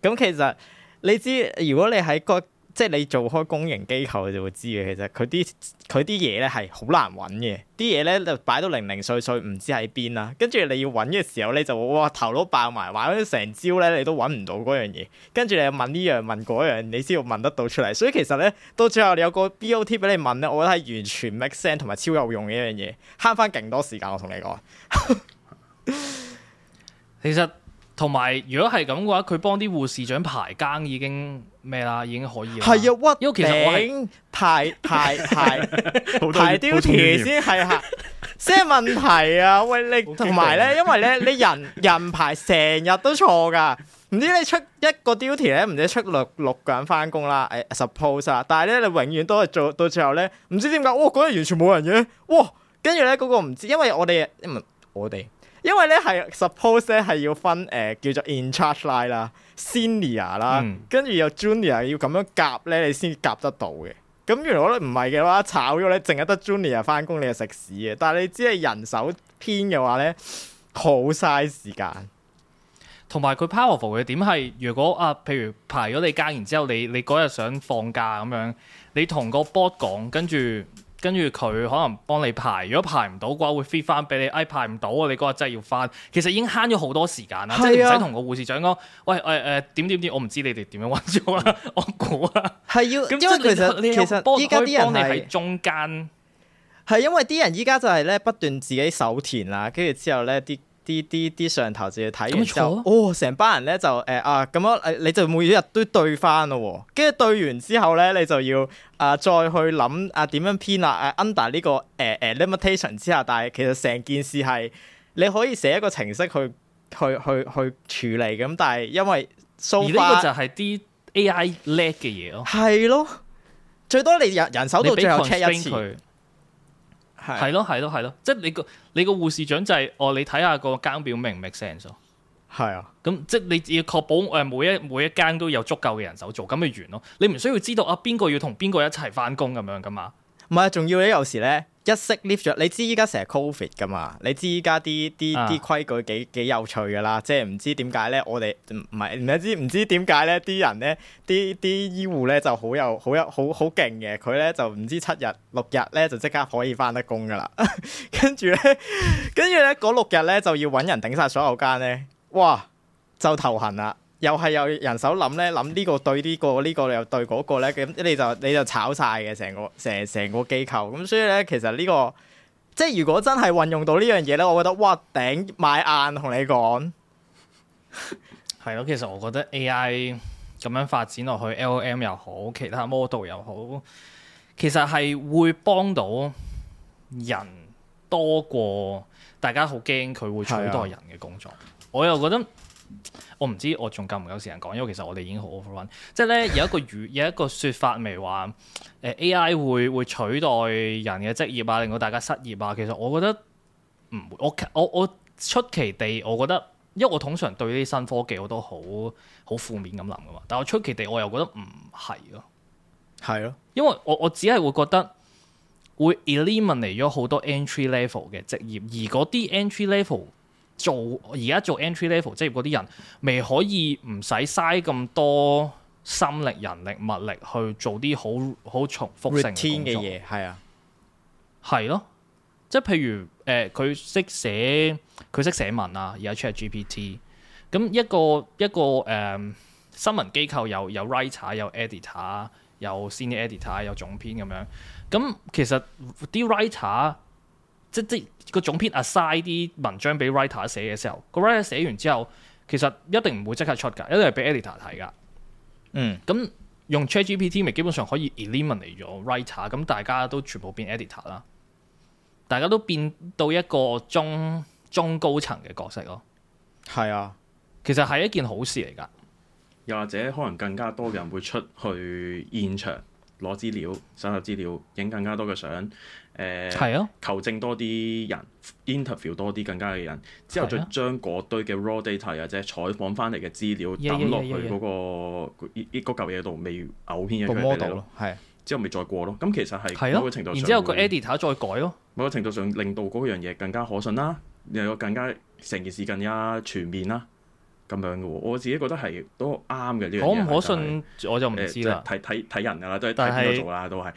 咁、嗯、其實你知如果你喺個即係你做開公營機構你就會知嘅，其實佢啲佢啲嘢咧係好難揾嘅，啲嘢咧就擺到零零碎碎，唔知喺邊啦。跟住你要揾嘅時候咧，就哇頭都爆埋，玩咗成朝咧，你都揾唔到嗰樣嘢。跟住你又問呢樣問嗰樣，你先要問得到出嚟。所以其實咧，到最後你有個 BOT 俾你問咧，我覺得係完全 make sense 同埋超有用嘅一樣嘢，慳翻勁多時間。我同你講，其實。同埋，如果係咁嘅話，佢幫啲護士長排更已經咩啦，已經可以啦。係啊，因為其實我已經排排排排 duty 先係吓，即係問題啊！喂，你同埋咧，因為咧，你人人排成日都錯噶，唔知你出一個 duty 咧，唔知你出六六個人翻工啦。誒，suppose 啊，但係咧，你永遠都係做到最後咧，唔知點解，哇、哦，嗰日完全冇人嘅、啊，哇、哦！跟住咧，嗰、那個唔知，因為我哋唔係我哋。因為咧係 suppose 咧係要分誒、呃、叫做 in charge line 啦，senior 啦，嗯、跟住又 junior 要咁樣夾咧，你先夾得到嘅。咁如果咧唔係嘅話，炒咗咧，淨係得 junior 翻工，你係食屎嘅。但係你只係人手編嘅話咧，好嘥時間。同埋佢 powerful 嘅點係，如果啊，譬如排咗你加完之後，你你嗰日想放假咁樣，你同個 bot 講，跟住。跟住佢可能幫你排，如果排唔到嘅話，會 fit 返俾你。哎，排唔到啊！你嗰日真係要返，其實已經慳咗好多時間啦，係啊、即係唔使同個護士長講，喂誒誒點點點，我唔知你哋點樣揾咗啊，嗯、我估啊，係要， *laughs* 因為其實其實依家啲人喺中間，係因為啲人依家就係咧不斷自己手填啦，跟住之後咧啲。啲啲啲上頭就要睇完就，嗯、哦，成班人咧就誒啊咁樣，你就每日都對翻咯，跟住對完之後咧，你就要啊再去諗啊點樣編啊，啊 under 呢個誒誒、啊啊、limitation 之下，但係其實成件事係你可以寫一個程式去去去去處理咁，但係因為 so 呢個就係啲 AI 叻嘅嘢咯，係咯，最多你人人手都最後 check 一次。係咯，係咯，係咯，即係你個你個護士長就係哦，你睇下個監表明唔 make sense，係啊，咁即係你要確保誒每一每一間都有足夠嘅人手做，咁咪完咯，你唔需要知道啊邊個要同邊個一齊翻工，咁樣噶嘛，唔係啊，仲要咧有時咧。一式 lift 咗，你知依家成日 covid 噶嘛。你知依家啲啲啲規矩幾幾有趣噶啦？即係唔知點解咧，我哋唔唔係知唔知點解咧？啲人咧，啲啲醫護咧就好有好有好好勁嘅，佢咧就唔知七日六日咧就即刻可以翻得工噶啦，跟住咧，跟住咧嗰六日咧就要揾人頂晒所有間咧，哇！就頭痕啦～又係有人手諗咧諗呢個對呢、這個呢、這個又對嗰、那個咧咁，你就你就炒晒嘅成個成成個機構咁，所以咧其實呢、這個即係如果真係運用到呢樣嘢咧，我覺得哇頂買硬同你講係咯，其實我覺得 AI 咁樣發展落去 LLM 又好，其他 model 又好，其實係會幫到人多過大家好驚佢會取代人嘅工作，是啊、我又覺得。我唔知，我仲夠唔夠時間講，因為其實我哋已經好 overrun。即係咧，有一個語，有一個說法說，咪話，誒 AI 會會取代人嘅職業啊，令到大家失業啊。其實我覺得唔會，我我我出奇地，我覺得，因為我通常對呢啲新科技我都好好負面咁諗噶嘛。但我出奇地，我又覺得唔係咯，係咯的，因為我我只係會覺得會 eliminate 咗好多 entry level 嘅職業，而嗰啲 entry level。做而家做 entry level 職業嗰啲人，未可以唔使嘥咁多心力、人力、物力去做啲好好重複性嘅嘢。係啊，係咯，即係譬如誒，佢、呃、識寫佢識寫文啊，而家 ChatGPT。咁一個一個誒、呃、新聞機構有有 writer 有，有 editor 有 senior editor 有總編咁樣。咁其實啲 writer 即即個總編 assign 啲文章俾 writer 寫嘅時候，個 writer 寫完之後，其實一定唔會即刻出㗎，一定係俾 editor 睇㗎。嗯，咁用 ChatGPT 咪基本上可以 eliminate 咗 writer，咁大家都全部變 editor 啦，大家都變到一個中中高層嘅角色咯。係啊，其實係一件好事嚟㗎。又或者可能更加多嘅人會出去現場攞資料、收集資料、影更加多嘅相。誒、呃、求證多啲人，interview 多啲更加嘅人，之後再將嗰堆嘅 raw data 或者採訪翻嚟嘅資料抌落去嗰個嚿嘢度，未嘔偏嘅 model 咯，係之後咪再過咯，咁、嗯、其實係某個程度上、啊，然之後個 editor 再改咯，某個程度上令到嗰樣嘢更加可信啦，令到更加成件事更加全面啦。咁樣嘅我自己覺得係都啱嘅，呢樣可唔可信，就係，我就唔知啦。睇睇睇人噶啦，都係睇人做啦，都係。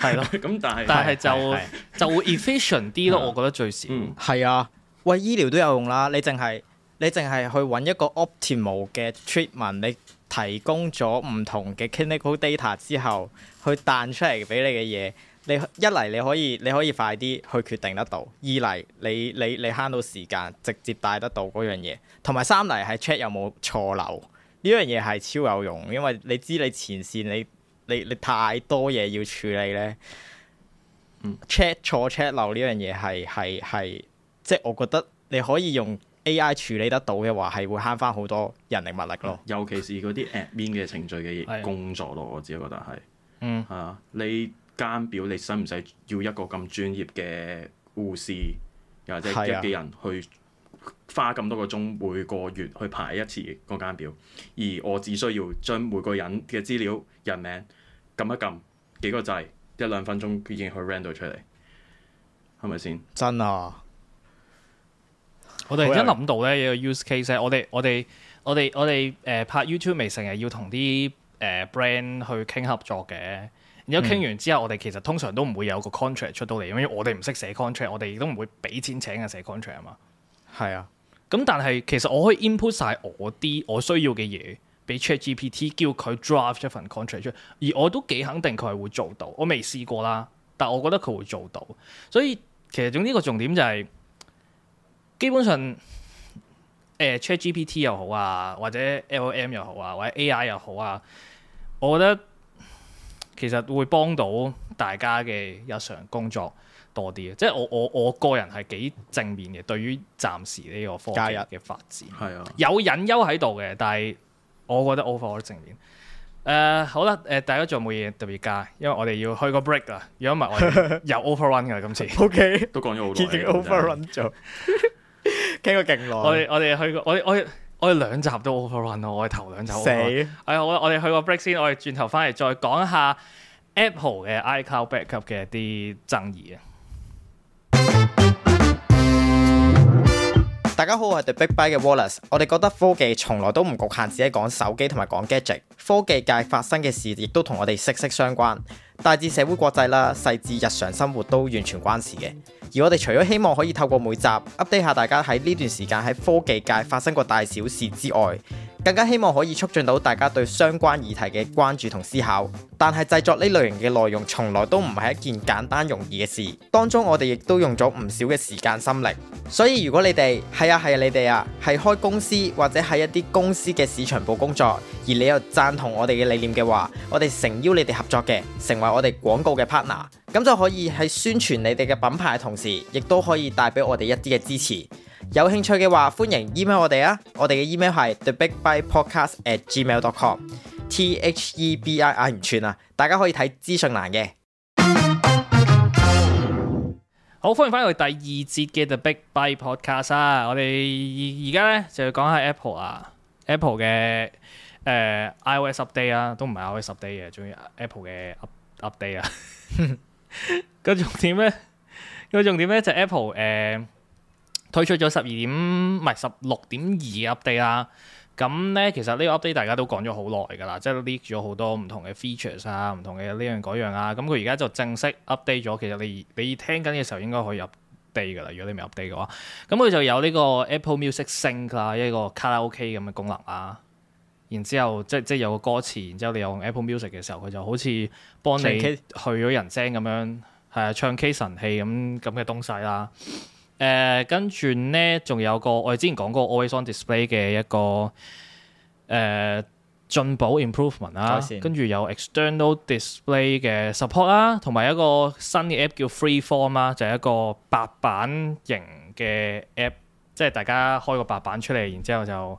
係咯是，咁的 *laughs* 但係但係就就會 efficient 啲咯，我覺得最少。係啊，喂，醫療都有用啦。你淨係你淨係去揾一個 optimal 嘅 treatment，你提供咗唔同嘅 clinical data 之後，去彈出嚟俾你嘅嘢。你一嚟你可以你可以快啲去決定得到，二嚟你你你慳到時間直接帶得到嗰樣嘢，同埋三嚟係 check 有冇錯漏呢樣嘢係超有用，因為你知你前線你你你太多嘢要處理咧。check 錯 check 漏呢樣嘢係係係，即係我覺得你可以用 AI 處理得到嘅話，係會慳翻好多人力物力咯。尤其是嗰啲 admin 嘅程序嘅工作咯， *laughs* 的我自己覺得係。嗯，係啊，你。間表你使唔使要一個咁專業嘅護士，又或者一個人去花咁多個鐘每個月去排一次個間表？而我只需要將每個人嘅資料、人名撳一撳幾個掣，一兩分鐘佢已經去 ran 到出嚟，係咪先？真啊！我哋而家諗到呢有個 use case，我哋我哋我哋我哋誒、呃、拍 YouTube 未成日，要同啲誒 brand 去傾合作嘅。然之後傾完之後，嗯、我哋其實通常都唔會有個 contract 出到嚟，因為我哋唔識寫 contract，我哋亦都唔會俾錢請人寫 contract 啊嘛。係啊，咁、嗯、但係其實我可以 input 晒我啲我需要嘅嘢俾 ChatGPT，叫佢 draft 一份 contract 出嚟。而我都幾肯定佢係會做到。我未試過啦，但我覺得佢會做到。所以其實總之個重點就係、是、基本上，誒、呃、ChatGPT 又好啊，或者 LLM 又好啊，或者 AI 又好啊，我覺得。其實會幫到大家嘅日常工作多啲啊！即係我我我個人係幾正面嘅，對於暫時呢個科技嘅發展係啊，油有隱憂喺度嘅，但係我覺得 overall 我都正面。誒、呃，好啦，誒、呃，大家仲有冇嘢特別加？因為我哋要去個 break 噶，如果唔係我哋又 overrun 噶， *laughs* 今次。O Okay , K，都講咗好多，已經 *laughs* overrun 咗，傾咗勁耐。我哋我哋去個我我。我哋兩集都 overrun 我哋頭兩集死咗。哎呀，我我哋去個 break 先，我哋轉頭翻嚟再講一下 Apple 嘅 iCloud Backup 嘅啲爭議啊！大家好，我係 The Big Byte 嘅 Wallace，我哋覺得科技從來都唔局限自己講手機同埋講 gadget。科技界發生嘅事，亦都同我哋息息相關，大至社會國際啦，細至日常生活都完全關事嘅。而我哋除咗希望可以透過每集 update 下大家喺呢段時間喺科技界發生過大小事之外，更加希望可以促進到大家對相關議題嘅關注同思考。但係製作呢類型嘅內容，從來都唔係一件簡單容易嘅事，當中我哋亦都用咗唔少嘅時間心力。所以如果你哋係啊係啊你哋啊係開公司或者喺一啲公司嘅市場部工作，而你又賺同我哋嘅理念嘅話，我哋誠邀你哋合作嘅，成為我哋廣告嘅 partner，咁就可以喺宣傳你哋嘅品牌嘅同時，亦都可以帶俾我哋一啲嘅支持。有興趣嘅話，歡迎 email 我哋啊，我哋嘅 email 係 thebigbytepodcast@gmail.com，T H E B I 係唔串啊，大家可以睇資訊欄嘅。好，歡迎翻去第二節嘅 The Big Byte Podcast 啊！我哋而家呢，就要講下 Apple 啊，Apple 嘅。誒、uh，iOS update 啊，都唔係 iOS update 嘅，仲要 Apple 嘅 up update 啊。咁重點咧，個重點咧就是、Apple 誒、uh, 推出咗十二點，唔係十六點二 update 啦。咁咧其實呢個 update 大家都講咗好耐噶啦，即、就、係、是、leak 咗好多唔同嘅 features 啊，唔同嘅呢樣嗰樣啊。咁佢而家就正式 update 咗，其實你你聽緊嘅時候應該可以入 update 噶啦。如果你未 update 嘅話，咁佢就有呢個 Apple Music Sync 啦，一個卡拉 OK 咁嘅功能啦、啊。然之後，即即有個歌詞，然之後你用 Apple Music 嘅時候，佢就好似幫你去咗人聲咁樣，係啊奇，唱 K 神器咁咁嘅東西啦。誒、呃，跟住呢，仲有個我哋之前講過 Always On Display 嘅一個誒進、呃、步 improvement 啦、啊，跟住有 External Display 嘅 support 啦、啊，同埋一個新嘅 app 叫 Freeform 啦、啊，就係、是、一個白板型嘅 app，即係大家開個白板出嚟，然之後就。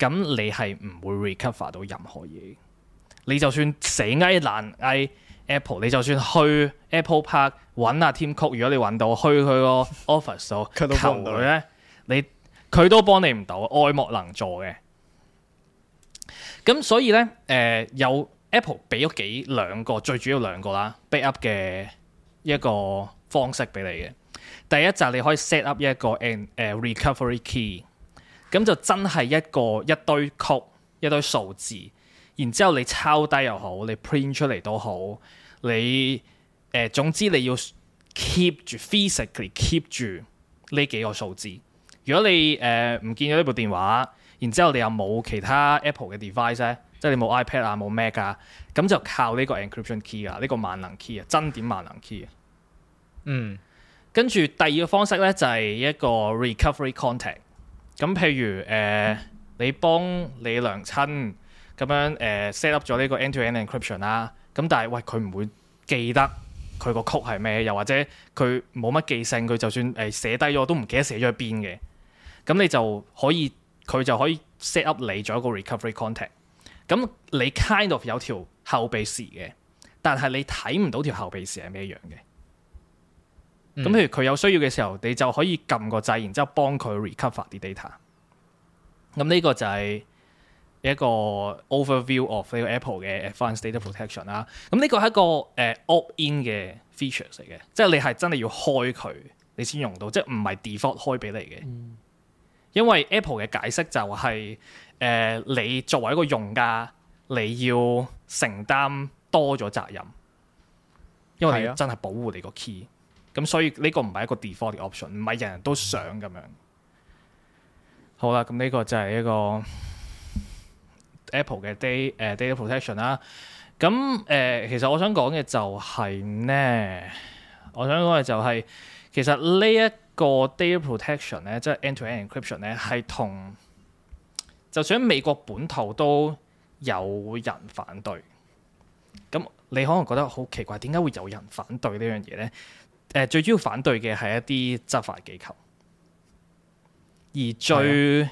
咁你係唔會 recover 到任何嘢，你就算死嗌爛嗌 Apple，你就算去 Apple Park 揾阿 Tim Cook，如果你揾到去佢個 office 度求佢咧， *laughs* 幫你佢都幫你唔到，愛莫能助嘅。咁所以呢，誒、呃、有 Apple 俾咗幾兩個，最主要兩個啦 backup 嘅一個方式俾你嘅。第一集你可以 set up 一個 recovery key。咁就真係一個一堆曲、一堆數字，然之後你抄低又好，你 print 出嚟都好，你誒、呃、總之你要 keep 住 physically keep 住呢幾個數字。如果你誒唔、呃、見咗呢部電話，然之後你又冇其他 Apple 嘅 device 咧，即係你冇 iPad 啊，冇 Mac 啊，咁就靠呢個 encryption key 啊，呢、這個萬能 key 啊，真點萬能 key 啊。嗯。跟住第二個方式咧，就係、是、一個 recovery contact。咁譬如誒、呃，你幫你娘親咁樣誒 set up 咗呢個 end-to-end encryption 啦，咁但係喂，佢唔會記得佢個曲係咩，又或者佢冇乜記性，佢就算誒寫低咗都唔記得寫咗喺邊嘅，咁你就可以佢就可以 set up 你咗一個 recovery contact，咁你 kind of 有條後備匙嘅，但係你睇唔到條後備匙係咩樣嘅。咁譬、嗯、如佢有需要嘅時候，你就可以撳個掣，然之後幫佢 recover 啲 data。咁、嗯、呢、嗯、個就係一個 overview of 呢個 Apple 嘅 Advanced Data Protection 啦。咁、嗯、呢、嗯、個係一個誒、呃、opt-in 嘅 features 嚟嘅，即係你係真係要開佢，你先用到，即係唔係 default 開俾你嘅。因為 Apple 嘅解釋就係、是，誒、呃、你作為一個用家，你要承擔多咗責任，因為真係保護你個 key。咁所以呢個唔係一個 default option，唔係人人都想咁樣。好啦，咁呢個就係一個 Apple 嘅 data、uh, data protection 啦。咁誒、呃，其實我想講嘅就係呢，我想講嘅就係、是、其實呢一個 data protection 咧，即、就、係、是、end-to-end encryption 咧，係同，就算喺美國本土都有人反對。咁你可能覺得好奇怪，點解會有人反對呢樣嘢呢？誒最主要反對嘅係一啲執法機構，而最的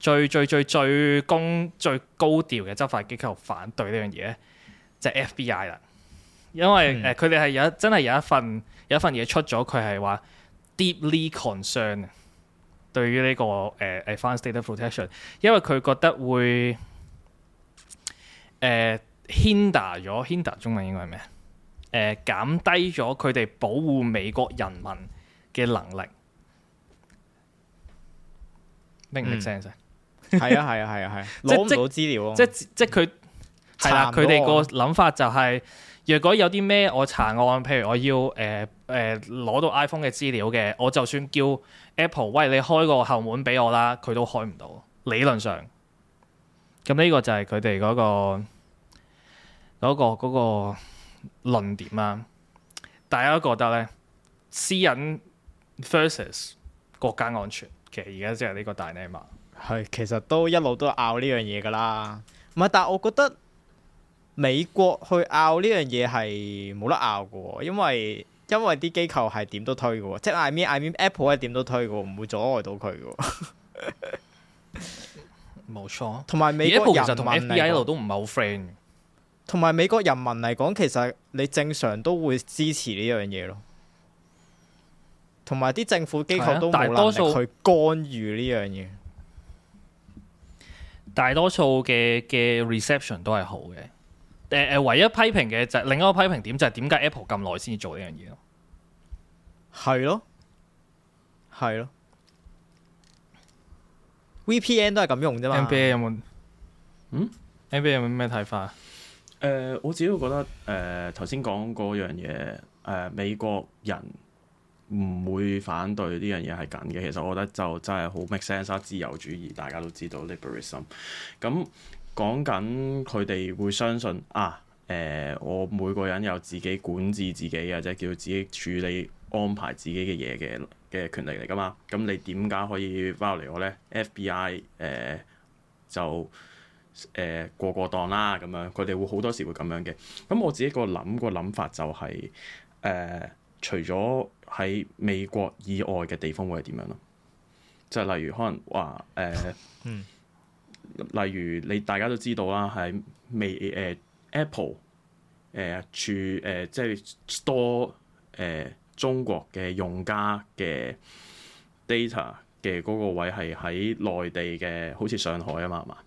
最最最最高最高調嘅執法機構反對呢樣嘢，就係、是、FBI 啦。因為誒佢哋係有真係有一份有一份嘢出咗，佢係話 deeply concerned 對於呢、這個誒誒 advanced data protection，因為佢覺得會誒、呃、hinder 咗 hinder 中文應該係咩？誒、呃、減低咗佢哋保護美國人民嘅能力。明唔明聲先？係 *laughs* 啊係啊係啊係！攞唔、啊、 *laughs* 到資料啊！即即佢係啦，佢哋個諗法就係，若果有啲咩我查案，譬 *laughs* 如我要誒誒攞到 iPhone 嘅資料嘅，我就算叫 Apple 喂，你開個後門俾我啦，佢都開唔到。理論上，咁呢個就係佢哋嗰個嗰嗰個。嗰個嗰個嗰個嗰個論點啊，大家都覺得呢，私隱 versus 國家安全，其實而家即係呢個大 name 係，其實都一路都拗呢樣嘢噶啦。唔係，但係我覺得美國去拗呢樣嘢係冇得拗嘅，因為因為啲機構係點都推嘅，即係 I mean I mean Apple 係點都推嘅，唔會阻礙到佢嘅。冇 *laughs* 錯 *laughs* 錯，同埋美國人其實同 FBI 一路都唔係好 friend。嗯同埋美國人民嚟講，其實你正常都會支持呢樣嘢咯。同埋啲政府機構都冇能力去干預呢樣嘢。大多數嘅嘅 reception 都係好嘅，呃呃。唯一批評嘅就係、是、另一個批評點就係點解 Apple 咁耐先做呢樣嘢咯？係咯、啊，係咯、啊。VPN 都係咁用啫嘛、嗯。NBay 有冇？嗯，NBay 有冇咩睇法？誒、呃，我自己覺得誒，頭先講嗰樣嘢，誒、呃、美國人唔會反對呢樣嘢係緊嘅。其實我覺得就真係好 make sense 自由主義大家都知道 liberalism。咁講緊佢哋會相信啊，誒、呃、我每個人有自己管治自己或者叫自己處理安排自己嘅嘢嘅嘅權利嚟㗎嘛。咁、嗯、你點解可以包嚟我咧？FBI 誒、呃、就。誒過過檔啦，咁樣佢哋會好多時會咁樣嘅。咁我自己個諗、個諗法就係、是、誒、呃，除咗喺美國以外嘅地方會係點樣咯？就係、例如可能話誒，嗯，呃、 *laughs* 例如你大家都知道啦，喺美誒 Apple 誒住誒，即係 store 誒中國嘅用家嘅 data 嘅嗰個位係喺內地嘅，好似上海啊嘛，係嘛？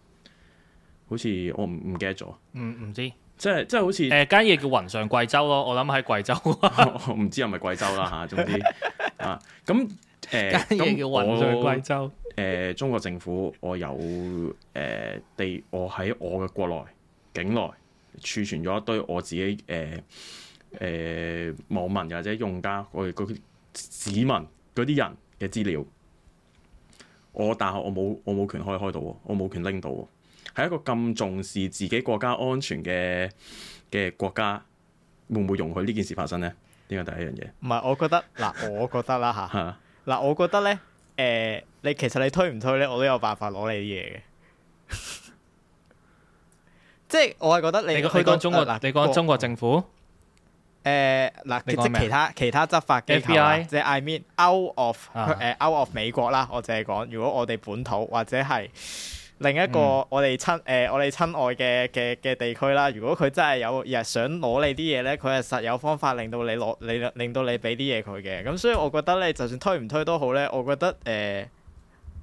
好似我唔唔記得咗，唔唔、嗯、知即，即係即係好似誒間嘢叫雲上貴州咯，我諗喺貴州啊，唔、 *laughs* 哦、知係咪貴州啦嚇，總之 *laughs* 啊，咁誒間嘢叫雲上貴州，誒、呃、中國政府我有誒地、呃，我喺我嘅國內境內儲存咗一堆我自己誒誒、呃呃、網民或者用家我哋嗰市民嗰啲人嘅資料，我但係我冇我冇權可以開，開到，我冇權拎到。係一個咁重視自己國家安全嘅嘅國家，會唔會容許呢件事發生呢？呢個第一樣嘢。唔係，我覺得嗱，我覺得啦吓。嗱、啊， *laughs* 我覺得呢，誒、呃，你其實你推唔推呢？我都有辦法攞你啲嘢嘅。 *laughs* 即係我係覺得你。你講中國，啊、你講中國政府。誒、呃，嗱，即係其他其他執法嘅。A. B. I.，即係 I mean，Out of 誒、啊 uh,，Out of 美國啦，我淨係講。如果我哋本土或者係。另一個我哋親誒、嗯呃、我哋親愛嘅嘅嘅地區啦，如果佢真係有日想攞你啲嘢咧，佢係實有方法令到你攞你令到你俾啲嘢佢嘅咁，所以我覺得咧，就算推唔推都好咧，我覺得誒、呃、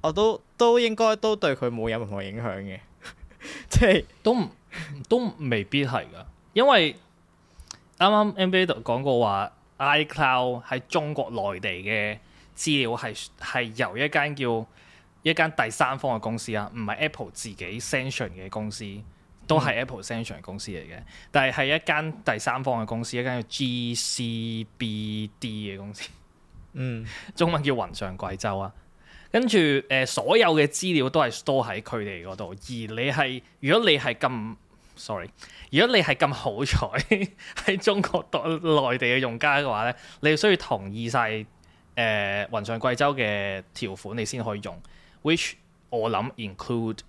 我都都應該都對佢冇任何影響嘅，即 *laughs* 係、就是、都都未必係㗎，因為啱啱 NBay 度講過話，iCloud 係中國內地嘅資料係係由一間叫。一間第三方嘅公司啊，唔係 Apple 自己 sanction 嘅公司，都係 Apple sanction 公司嚟嘅，但係係一間第三方嘅公司，一間叫 GCBD 嘅公司，嗯，中文叫雲上貴州啊，跟住誒、呃、所有嘅資料都係 store 喺佢哋嗰度，而你係如果你係咁，sorry，如果你係咁好彩喺中國度內地嘅用家嘅話咧，你需要同意晒誒雲上貴州嘅條款，你先可以用。which 我諗 include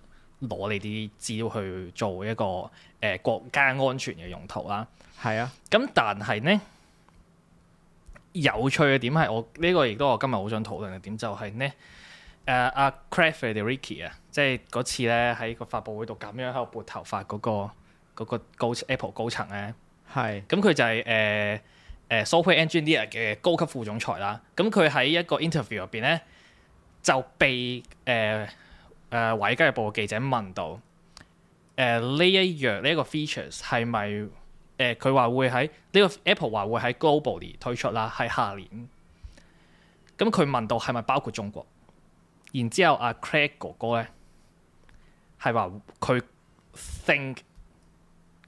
攞你啲資料去做一個誒、呃、國家安全嘅用途啦，係啊。咁但係呢有趣嘅點係，我、呢、呢個亦都我今日好想討論嘅點就係呢。誒阿 Craig Federighi 啊，icky，即係嗰次咧喺個發佈會度咁樣喺度撥頭髮嗰、嗰個嗰個高 Apple 高層咧，係是。咁佢就係誒誒 software engineer 嘅高級副總裁啦。咁佢喺一個 interview 入邊咧。就被誒，誒、呃、誒華爾街日報嘅記者問到，誒、呃，呢一樣呢一個 features 係咪誒，佢、呃、話會喺呢、這個 Apple 話會喺 globally 推出啦，係下年。咁佢問到係咪包括中國，然之後阿、啊、Craig 哥哥咧係話佢 think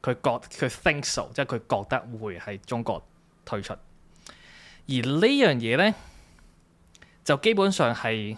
佢覺佢 think so，即係佢覺得會喺中國推出。而呢樣嘢咧就基本上係。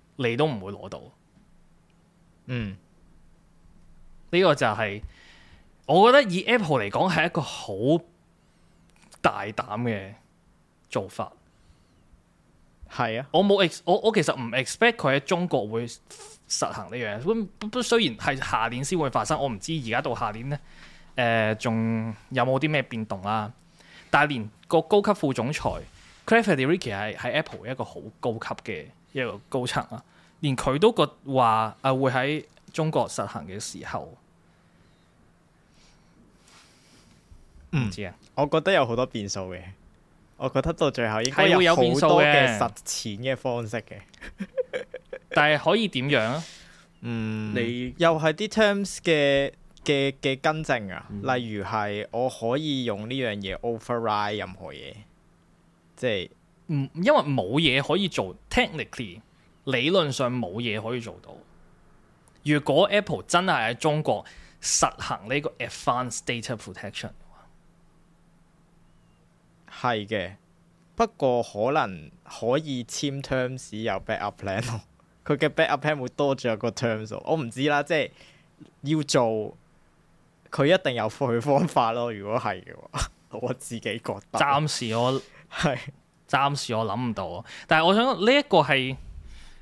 你都唔會攞到，嗯，呢、這個就係、是、我覺得以 Apple 嚟講係一個好大膽嘅做法，係啊，我冇 ex 我我其實唔 expect 佢喺中國會實行呢樣，嘢。雖然係下年先會發生，我唔知而家到下年呢誒仲、呃、有冇啲咩變動啦、啊，但係連個高級副總裁 Craig Federighi 係喺 Apple 一個好高級嘅一個高層啊。連佢都覺話啊，會喺中國實行嘅時候，唔、嗯、知啊，我覺得有好多變數嘅，我覺得到最後應該有好多嘅實踐嘅方式嘅， *laughs* 但係可以點樣啊？嗯，你又係啲 terms 嘅嘅嘅更正啊？嗯、例如係我可以用呢樣嘢 override 任何嘢，即係唔因為冇嘢可以做 technically。理論上冇嘢可以做到。如果 Apple 真係喺中國實行呢個 Advanced Data Protection，係嘅。不過可能可以簽 terms 有 back up plan 咯。佢嘅 back up plan 會多咗一個 terms，我唔知啦。即係要做，佢一定有副方法咯。如果係嘅話，我自己覺得。暫時我係是暫時我諗唔到。但係我想講呢一個係。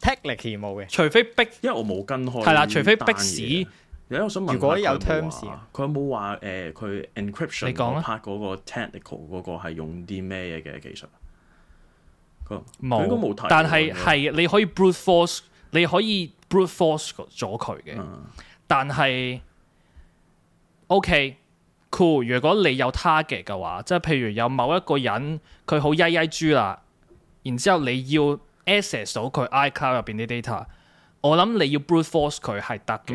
technical 冇嘅，除非逼，因為我冇跟開。係啦，除非逼使。有啲我想問，有有如果有佢有冇話誒？佢、呃、encryption 你 part 嗰個 technical 嗰個係用啲咩嘅技術？冇，沒但係是係、那個、你可以 brute force，你可以 brute force 咗佢嘅。嗯、但係 OK cool，如果你有 target 嘅話，即係譬如有某一個人佢好曳曳豬啦，然之後你要。access 到佢 iCloud 入邊啲 data，我諗你要 brute force 佢係得嘅，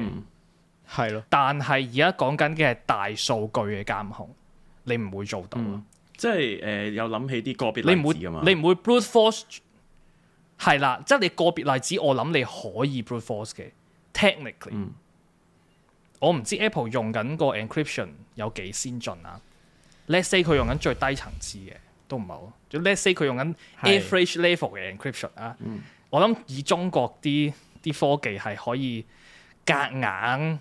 係咯、嗯。但係而家講緊嘅係大數據嘅監控，你唔會做到咯、嗯。即係誒、呃，有諗起啲個別例子噶嘛？你唔會，你唔會 brute force 係啦，即係你個別例子，我諗你可以 brute force 嘅 technically、嗯。我唔知 Apple 用緊個 encryption 有幾先進啊？Let’s say 佢用緊最低層次嘅。都唔好，就 let's say 佢用緊 air fresh level 嘅 encryption 啊，嗯、我諗以中國啲啲科技係可以隔硬，硬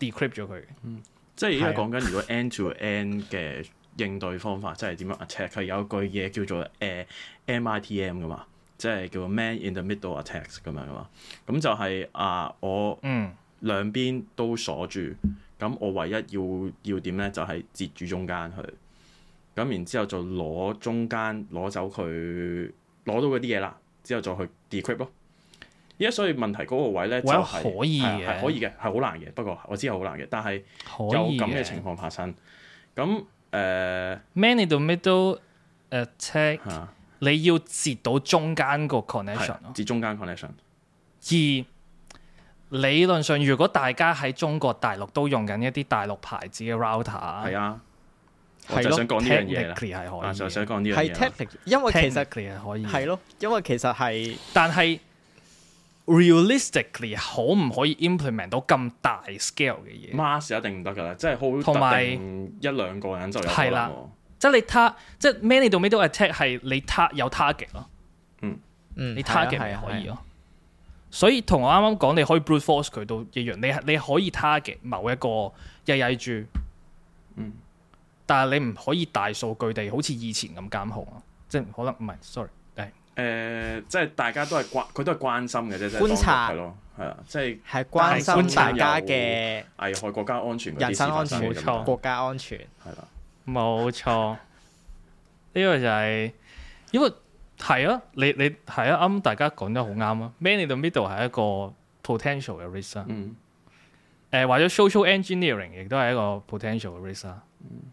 decrypt 咗佢、嗯。即係而家講緊如果 end to end 嘅應對方法，即係點樣 attack？係有一句嘢叫做誒 MITM 噶嘛，uh, M M，即係叫做 man in the middle attacks 咁樣、就、噶、是、嘛。咁就係啊，我嗯兩邊都鎖住，咁、嗯、我唯一要要點咧，就係、是、截住中間佢。咁然之後就攞中間攞走佢攞到嗰啲嘢啦，之後再去 decrypt 咯。而家所以問題嗰個位咧就係、係、可以嘅，係可以嘅，係好難嘅。不過我知係好難嘅，但係有咁嘅情況發生。咁誒、呃，man in the middle attack，啊、你要截到中間個 connection 咯，截中間 connection。而，理論上，如果大家喺中國大陸都用緊一啲大陸牌子嘅 router，係啊。我就想講呢樣嘢啦，就想講呢樣嘢。係 technically 係可以，係咯，因為其實係，但係 realistically 可唔可以 implement 到咁大 scale 嘅嘢？Mass 一定唔得噶啦，即係好特定一兩個人就嚟。係啦，即係你他，即係 man in the middle attack 係你有 target 咯、嗯。嗯嗯，你 target 係的可以咯。所以同我啱啱講，你可以 brute force 佢都一樣，你你可以 target 某一個一億 G。但係你唔可以大數據地好似以前咁監控咯，即係可能唔係，sorry，係誒，即係大家都係關，佢都係關心嘅啫，觀察係咯，係啊，即係係關心大家嘅危害國家安全、人身安全，冇錯，國家安全係啦，冇錯。呢個就係因為係啊，你你係啊，啱大家講得好啱啊。Man in the middle 係一個 potential 嘅 risk，嗯，誒或者 social engineering 亦都係一個 potential 嘅 risk，嗯。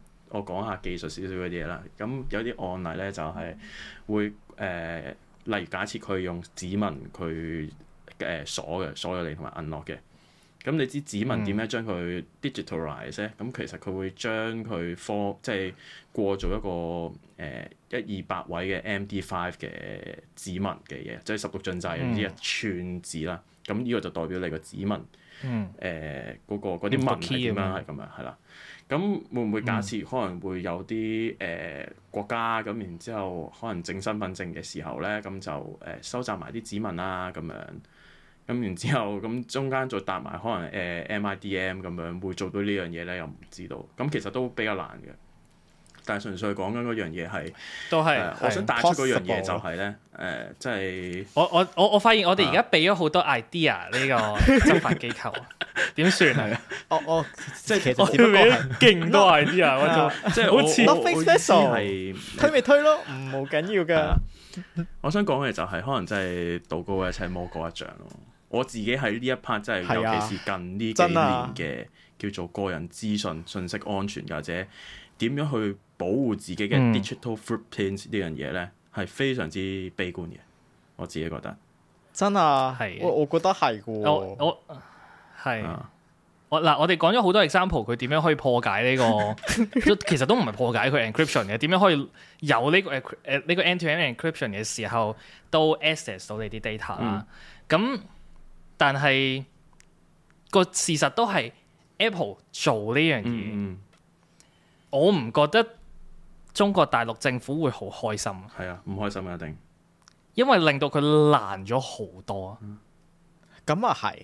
我講下技術少少嗰啲嘢啦，咁有啲案例咧就係、是、會誒、呃，例如假設佢用指紋佢誒、呃、鎖嘅鎖咗你同埋 unlock 嘅，咁你知指紋點樣將佢 digitalize 咧？咁、嗯、其實佢會將佢科即係過做一個誒一二百位嘅 MD5 嘅指紋嘅嘢，即係十六進制啲一串字啦。咁呢、嗯、個就代表你個指紋誒嗰、呃嗯那個嗰啲紋點樣係咁、嗯嗯嗯嗯、樣係啦。嗯。咁會唔會假設可能會有啲誒、呃、國家咁，然之後可能整身份證嘅時候咧，咁就誒、呃、收集埋啲指紋啦、啊，咁樣，咁然之後咁中間再搭埋可能誒、呃、MIDM 咁樣，會做到呢樣嘢咧，又唔知道。咁其實都比較難嘅。但係純粹講緊嗰樣嘢係，都係是、呃。我想帶出嗰樣嘢就係咧，誒，即係我我我我發現我哋而家俾咗好多 idea 呢、呃、個執法機構。 *laughs* 點算係啊？哦哦，即係其實只不過勁多啲啊，即係好似我我係推咪推咯，唔緊要嘅。我想講嘅就係可能真係道高一尺，魔高一丈咯。我自己喺呢一 part 即係，尤其是近呢幾年嘅叫做個人資訊、信息安全，或者點樣去保護自己嘅 digital footprint 呢樣嘢咧，係非常之悲觀嘅。我自己覺得真啊，係我我覺得係嘅。我。係我嗱，我哋講咗好多 example，佢點樣可以破解呢、呢個？ *laughs* 其實都唔係破解佢 encryption 嘅，點樣可以有呢個呢、呢個 end-to-end encryption 嘅時候都 access 到你啲 data 啦。咁、嗯、但係個事實都係 Apple 做呢樣嘢，嗯嗯、我唔覺得中國大陸政府會好開心。係啊，唔開心一定，因為令到佢難咗好多啊。咁啊係。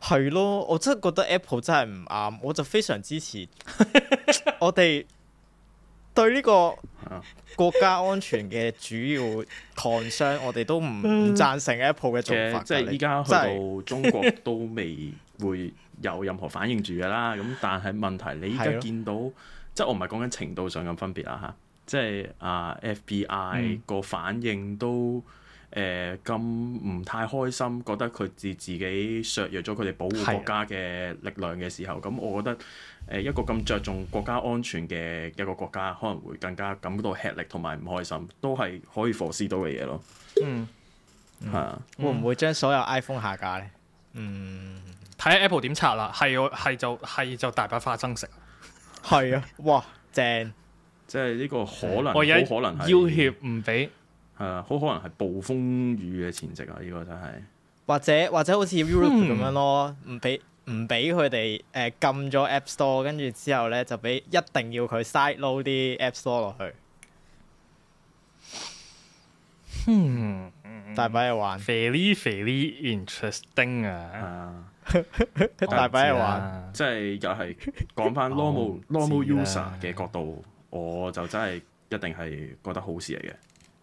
係咯，我真係覺得 Apple 真係唔啱，我就非常支持我哋對呢個國家安全嘅主要抗商， *laughs* 我哋都唔唔贊成 Apple 嘅做法、嗯、你即係依家去到中國的都未會有任何反應住噶啦，咁但係問題你依家見到， *laughs* 即係我唔係講緊程度上咁分別啦吓，即係啊 FBI 個反應都。誒咁唔太開心，覺得佢自自己削弱咗佢哋保護國家嘅力量嘅時候，咁的我覺得誒、呃、一個咁着重國家安全嘅一個國家，可能會更加感到吃力同埋唔開心，都係可以貨試到嘅嘢咯。嗯，係啊，嗯、會唔會將所有 iPhone 下架咧？嗯，睇下 Apple 點拆啦。係我係就係就大把花生食。係啊，哇， *laughs* 正！即係呢個可能好可能要脅唔俾。係啊，好可能係暴風雨嘅前夕啊！呢個真係，或者或者好似 Europe 咁樣咯，唔俾唔俾佢哋誒禁咗 App Store，跟住之後咧就俾一定要佢 side load 啲 App Store 落去。嗯，大把嘢玩，very very interesting 啊！大把嘢玩，即係又係講翻 normal normal user 嘅角度，我就真係一定係覺得好事嚟嘅。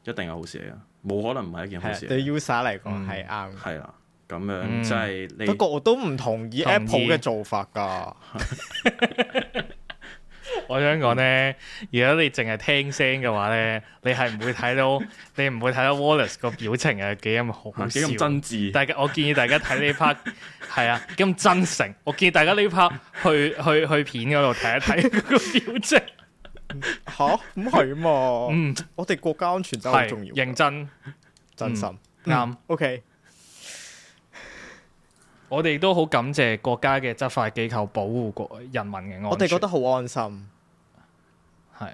一定係好事嚟噶，冇可能唔係一件好事。的嗯、對 USA 嚟講係啱。係啦，咁樣即係你。嗯、不過我都唔同意 Apple 嘅做法噶。我想講呢，如果你淨係聽聲嘅話呢，你係唔會睇到， *laughs* 你唔會睇到 Wallace 個表情係幾咁好，幾咁真摯。大家，我建議大家睇呢 part，係啊，咁真誠。 *laughs* 我建議大家呢 part 去去去，去，去片嗰度睇一睇個表情。 *laughs* 吓，唔係吖嘛？嗯，我哋國家安全真係好重要，認真、真心啱。OK，我哋都好感謝國家嘅執法機構保護國人民嘅安全，我哋覺得好安心。係。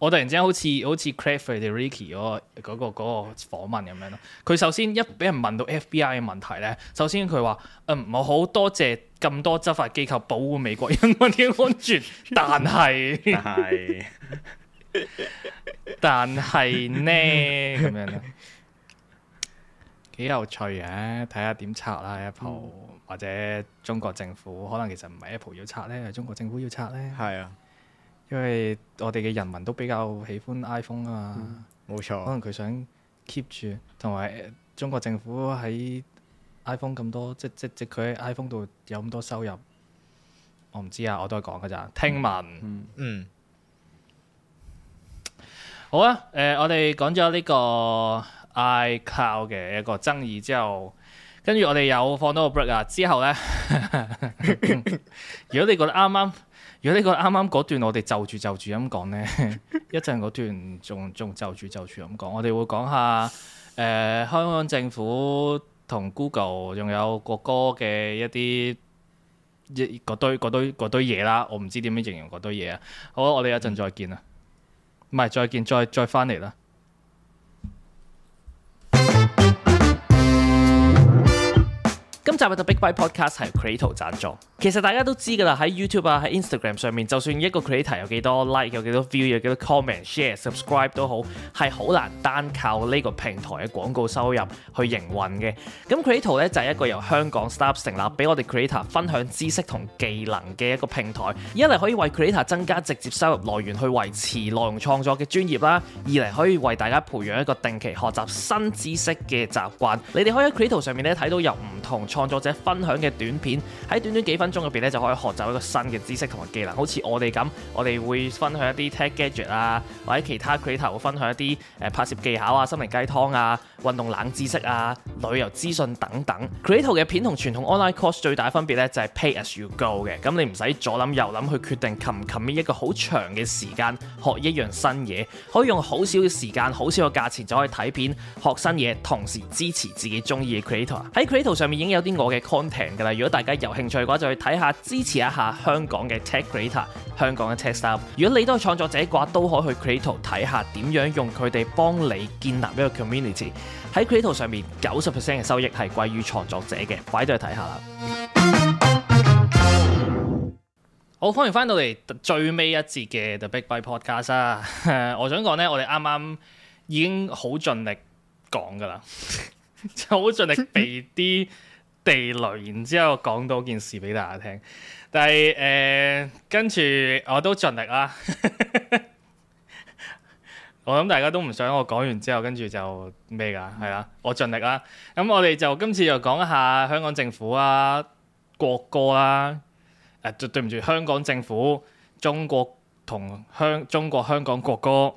我突然之間好似 *music* 好似 Clayford 嘅 Ricky 嗰、個嗰、個嗰、個、訪問咁樣咯。佢首先一俾人問到 FBI 嘅問題咧，首先佢話：嗯，我好多謝咁多執法機構保護美國人民嘅安全，但係 *laughs* *laughs* 但係但係呢咁 *laughs* 樣咧，幾有趣嘅。睇下點拆啦 Apple，、嗯、或者中國政府可能其實唔係 Apple 要拆咧，係中國政府要拆咧。係啊。因為我哋嘅人民都比較喜歡 iPhone 啊嘛，冇錯、嗯。錯可能佢想 keep 住，同埋中國政府喺 iPhone 咁多，即即即佢喺 iPhone 度有咁多收入，我唔知啊，我都係講噶咋。聽聞聞，嗯，嗯，嗯。好啊，誒、呃，我哋講咗呢個 iCloud 嘅一個爭議之後，跟住我哋有放多個 break 啊，之後咧， *laughs* *laughs* *laughs* 如果你覺得啱啱。如果呢個啱啱嗰段我哋就住就住咁講呢。一陣嗰段仲仲就住就住咁講，我哋會講下誒、呃、香港政府同 Google 仲有國歌嘅一啲一嗰堆堆堆嘢啦，我唔知點樣形容嗰堆嘢啊。好，我哋一陣再見啊，唔係、嗯、再見，再再翻嚟啦。今集嘅 The Big Byte Podcast 係 Creato 贊助。其實大家都知㗎啦，喺 YouTube 啊，喺 Instagram 上面，就算一個 Creator 有幾多 Like，有幾多 View，有幾多 Comment、Share、Subscribe 都好，係好難單靠呢個平台嘅廣告收入去營運嘅。咁 Creato 咧就係、是、一個由香港 startup 成立，俾我哋 Creator 分享知識同技能嘅一個平台。一嚟可以為 Creator 增加直接收入來源去維持內容創作嘅專業啦；二嚟可以為大家培養一個定期學習新知識嘅習慣。你哋可以喺 Creato 上面咧睇到有唔同。創作者分享嘅短片喺短短幾分鐘入邊咧，就可以學習一個新嘅知識同埋技能。好似我哋咁，我哋會分享一啲 tech gadget 啊，或者其他 creator 會分享一啲誒、呃、拍攝技巧啊、心靈雞湯啊、運動冷知識啊、旅遊資訊等等。creator 嘅片同傳統 online course 最大分別咧，就係 pay as you go 嘅，咁你唔使左諗右諗去決定，冚唔冚埋一個好長嘅時間學一樣新嘢，可以用好少嘅時間、好少嘅價錢就可以睇片學新嘢，同時支持自己中意嘅 creator。喺 creator 上面已經有。啲我嘅 content 噶啦，如果大家有興趣嘅話，就去睇下，支持一下香港嘅 tech creator，香港嘅 tech star。如果你都係創作者嘅話，都可以去 Creato 睇下點樣用佢哋幫你建立一個 community。喺 Creato 上面，九十 percent 嘅收益係歸於創作者嘅，快啲去睇下啦。好，歡迎翻到嚟最尾一節嘅 The Big Byte Podcast、呃、我想講呢，我哋啱啱已經好盡力講噶啦，就好 *laughs* *laughs* 盡力避啲地雷，然之後講到件事俾大家聽。但係誒、呃、跟住我都盡力啦。 *laughs* 我諗大家都唔想我講完之後跟住就咩㗎，係啊、嗯，我盡力啦。咁、嗯、我哋就今次又講一下香港政府啊、國歌啦、啊。誒、呃，對唔住，香港政府、中國同香中國香港國歌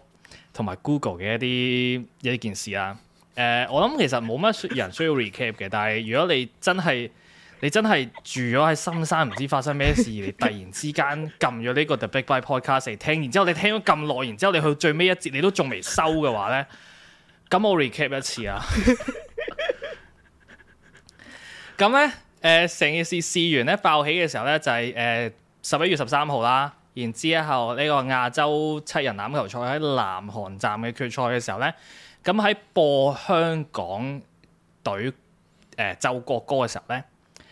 同埋 Google 嘅一啲一件事啊。誒、呃，我諗其實冇乜人需要 recap 嘅，但係如果你真係你真係住咗喺深山，唔知發生咩事，你突然之間撳咗呢個 The Big Byte Podcast 嚟聽，然之後你聽咗咁耐，然之後你去最尾一節你都仲未收嘅話 *laughs* 呢，咁我 recap 一次啊！咁呢，誒成件事事源咧爆起嘅時候呢，就係誒十一月十三號啦，然之後呢個亞洲七人欖球賽喺南韓站嘅決賽嘅時候呢。咁喺播香港隊誒、呃、奏國歌嘅時候咧，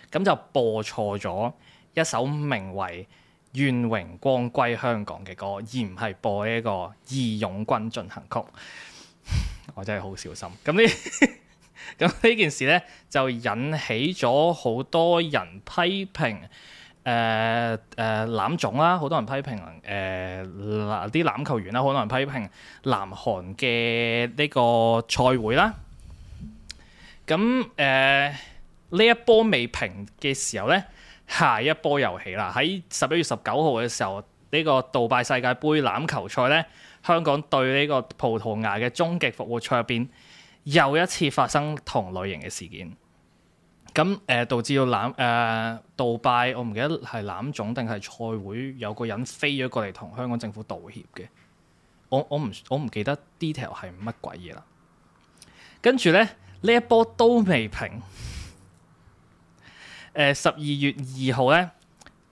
咁就播錯咗一首名為《願榮光歸香港》嘅歌，而唔係播一個《義勇軍進行曲。》 *laughs* 我真係好小心。咁 *laughs* 呢，咁呢件事咧就引起咗好多人批評。誒誒，欖總、呃呃、啦，好多人批評誒，嗱啲欖球員啦，好多人批評南韓嘅呢個賽會啦。咁誒、呢、呃、一波未平嘅時候咧，下一波又起啦。喺十一月十九號嘅時候，呢、這個杜拜世界杯欖球賽咧，香港對呢個葡萄牙嘅終極復活賽入邊，又一次發生同類型嘅事件。咁誒、嗯、導致到欖誒、呃、杜拜，我唔記得係欖總定係賽會有個人飛咗過嚟同香港政府道歉嘅。我我唔我唔記得 detail 係乜鬼嘢啦。跟住咧，呢一波都未平。誒十二月二號咧，誒、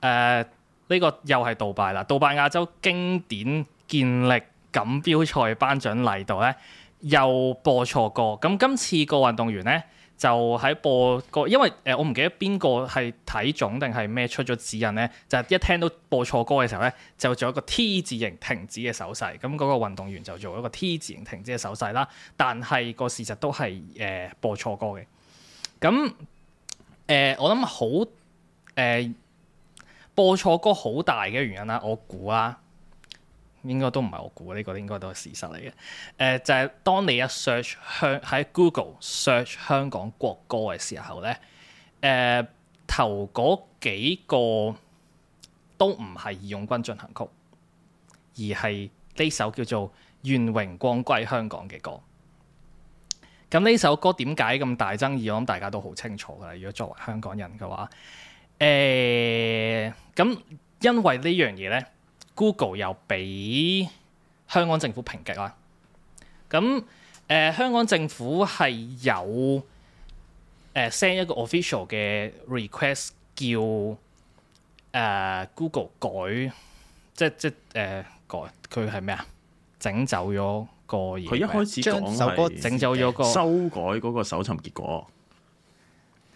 呃、呢、呢個又係杜拜啦，杜拜亞洲經典健力錦標賽頒獎禮度咧，又播錯歌。咁今次個運動員咧，就喺播個，因為誒、呃、我唔記得邊個係睇種定係咩出咗指引咧，就係、一聽到播錯歌嘅時候咧，就做一個 T 字形停止嘅手勢，咁嗰個運動員就做一個 T 字形停止嘅手勢啦。但係個事實都係誒、呃、播錯歌嘅。咁誒、呃、我諗好誒、呃、播錯歌好大嘅原因啦，我估啦。應該都唔係我估呢、呢個應該都係事實嚟嘅。誒、呃，就係、係、當你一 search 香喺 Google search 香港國歌嘅時候咧，誒、呃、頭嗰幾個都唔係義勇軍進行曲，而係呢首叫做《願榮光歸香港》嘅歌。咁呢首歌點解咁大爭議？我諗大家都好清楚嘅啦。如果作為香港人嘅話，誒、呃、咁因為呢樣嘢咧。Google 又俾香港政府抨擊啦，咁、嗯、誒、呃、香港政府係有誒 send、呃、一個 official 嘅 request 叫誒、呃、Google 改，即即誒、呃、改佢係咩啊？整走咗個嘢，佢一開始將首歌整走咗個修改嗰個搜尋結果，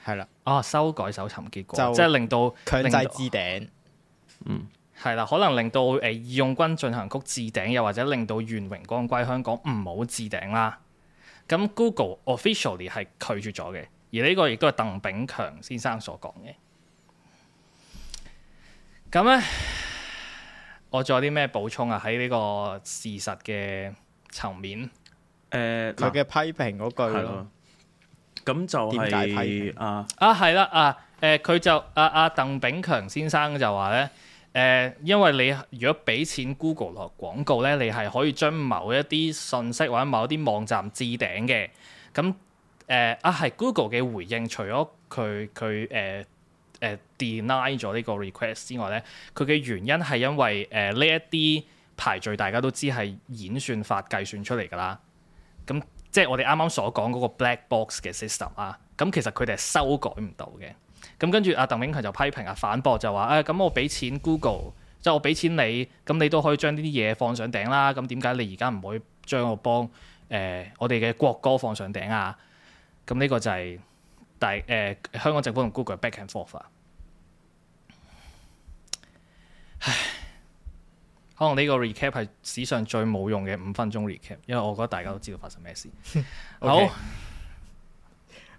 係啦，哦，修改搜尋結果，即係令到強制置頂，嗯。係啦，可能令到誒義勇軍進行曲置頂，又或者令到願榮光歸香港唔好置頂啦。咁 Google officially 係拒絕咗嘅，而呢個亦都係鄧炳強先生所講嘅。咁咧，我仲有啲咩補充啊？喺呢個事實嘅層面，誒佢嘅批評嗰句咯，咁、呃、就係、是、啊啊係啦啊誒，佢就阿阿、啊啊、鄧炳強先生就話咧。誒，因為你如果俾錢 Google 落廣告咧，你係可以將某一啲信息或者某一啲網站置頂嘅。咁誒、呃、啊，係 Google 嘅回應除，除咗佢佢誒誒 deny 咗呢個 request 之外咧，佢嘅原因係因為誒呢、呃、一啲排序大家都知係演算法計算出嚟㗎啦。咁即係我哋啱啱所講嗰個 black box 嘅 system 啊，咁其實佢哋係修改唔到嘅。咁跟住阿鄧永強就批評啊，反駁就話，誒、哎，咁我俾錢 Google，即係我俾錢你，咁你都可以將呢啲嘢放上頂啦。咁點解你而家唔可以將我幫誒、呃、我哋嘅國歌放上頂啊？咁呢個就係大、誒香港政府同 Google back and forth。唉，可能呢個 recap 係史上最冇用嘅五分鐘 recap，因為我覺得大家都知道發生咩事。 *laughs* okay. 好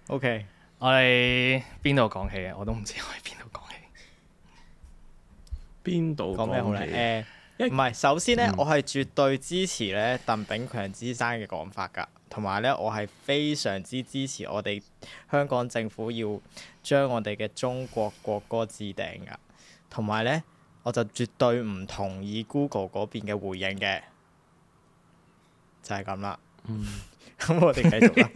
，OK。我哋邊度講起嘅，我都唔知我係邊度講起。邊度講咩好咧？誒，唔 *noise* 係、欸，首先咧，嗯、我係絕對支持咧鄧炳強先生嘅講法噶，同埋咧，我係非常之支持我哋香港政府要將我哋嘅中國國歌置頂噶，同埋咧，我就絕對唔同意 Google 嗰邊嘅回應嘅，就係咁啦。嗯咁 *laughs* 我哋繼續啦。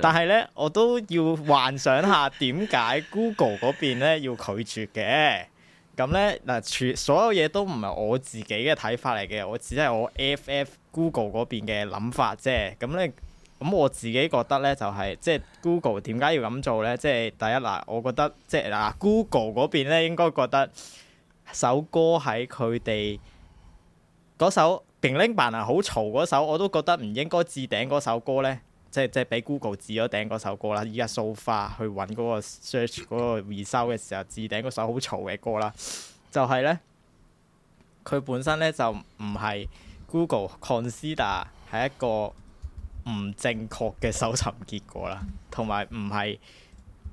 *laughs* 但係咧，我都要幻想下點解 Google 嗰邊咧要拒絕嘅。咁咧嗱，全所有嘢都唔係我自己嘅睇法嚟嘅，我只係我 FF Google 嗰邊嘅諗法啫。咁咧，咁我自己覺得咧就係、是，即係 Google 點解要咁做咧？即係第一嗱，我覺得即係嗱，Google 嗰邊咧應該覺得首歌喺佢哋嗰首。平拎扮啊好嘈嗰首我都覺得唔應該置頂嗰首歌呢，即係即係俾 Google 置咗頂嗰首歌啦。依家 so far 去揾嗰個 search 嗰個 result 嘅時候，置頂嗰首好嘈嘅歌啦，就係呢。佢本身呢，就唔係 Google consider 係一個唔正確嘅搜尋結果啦，同埋唔係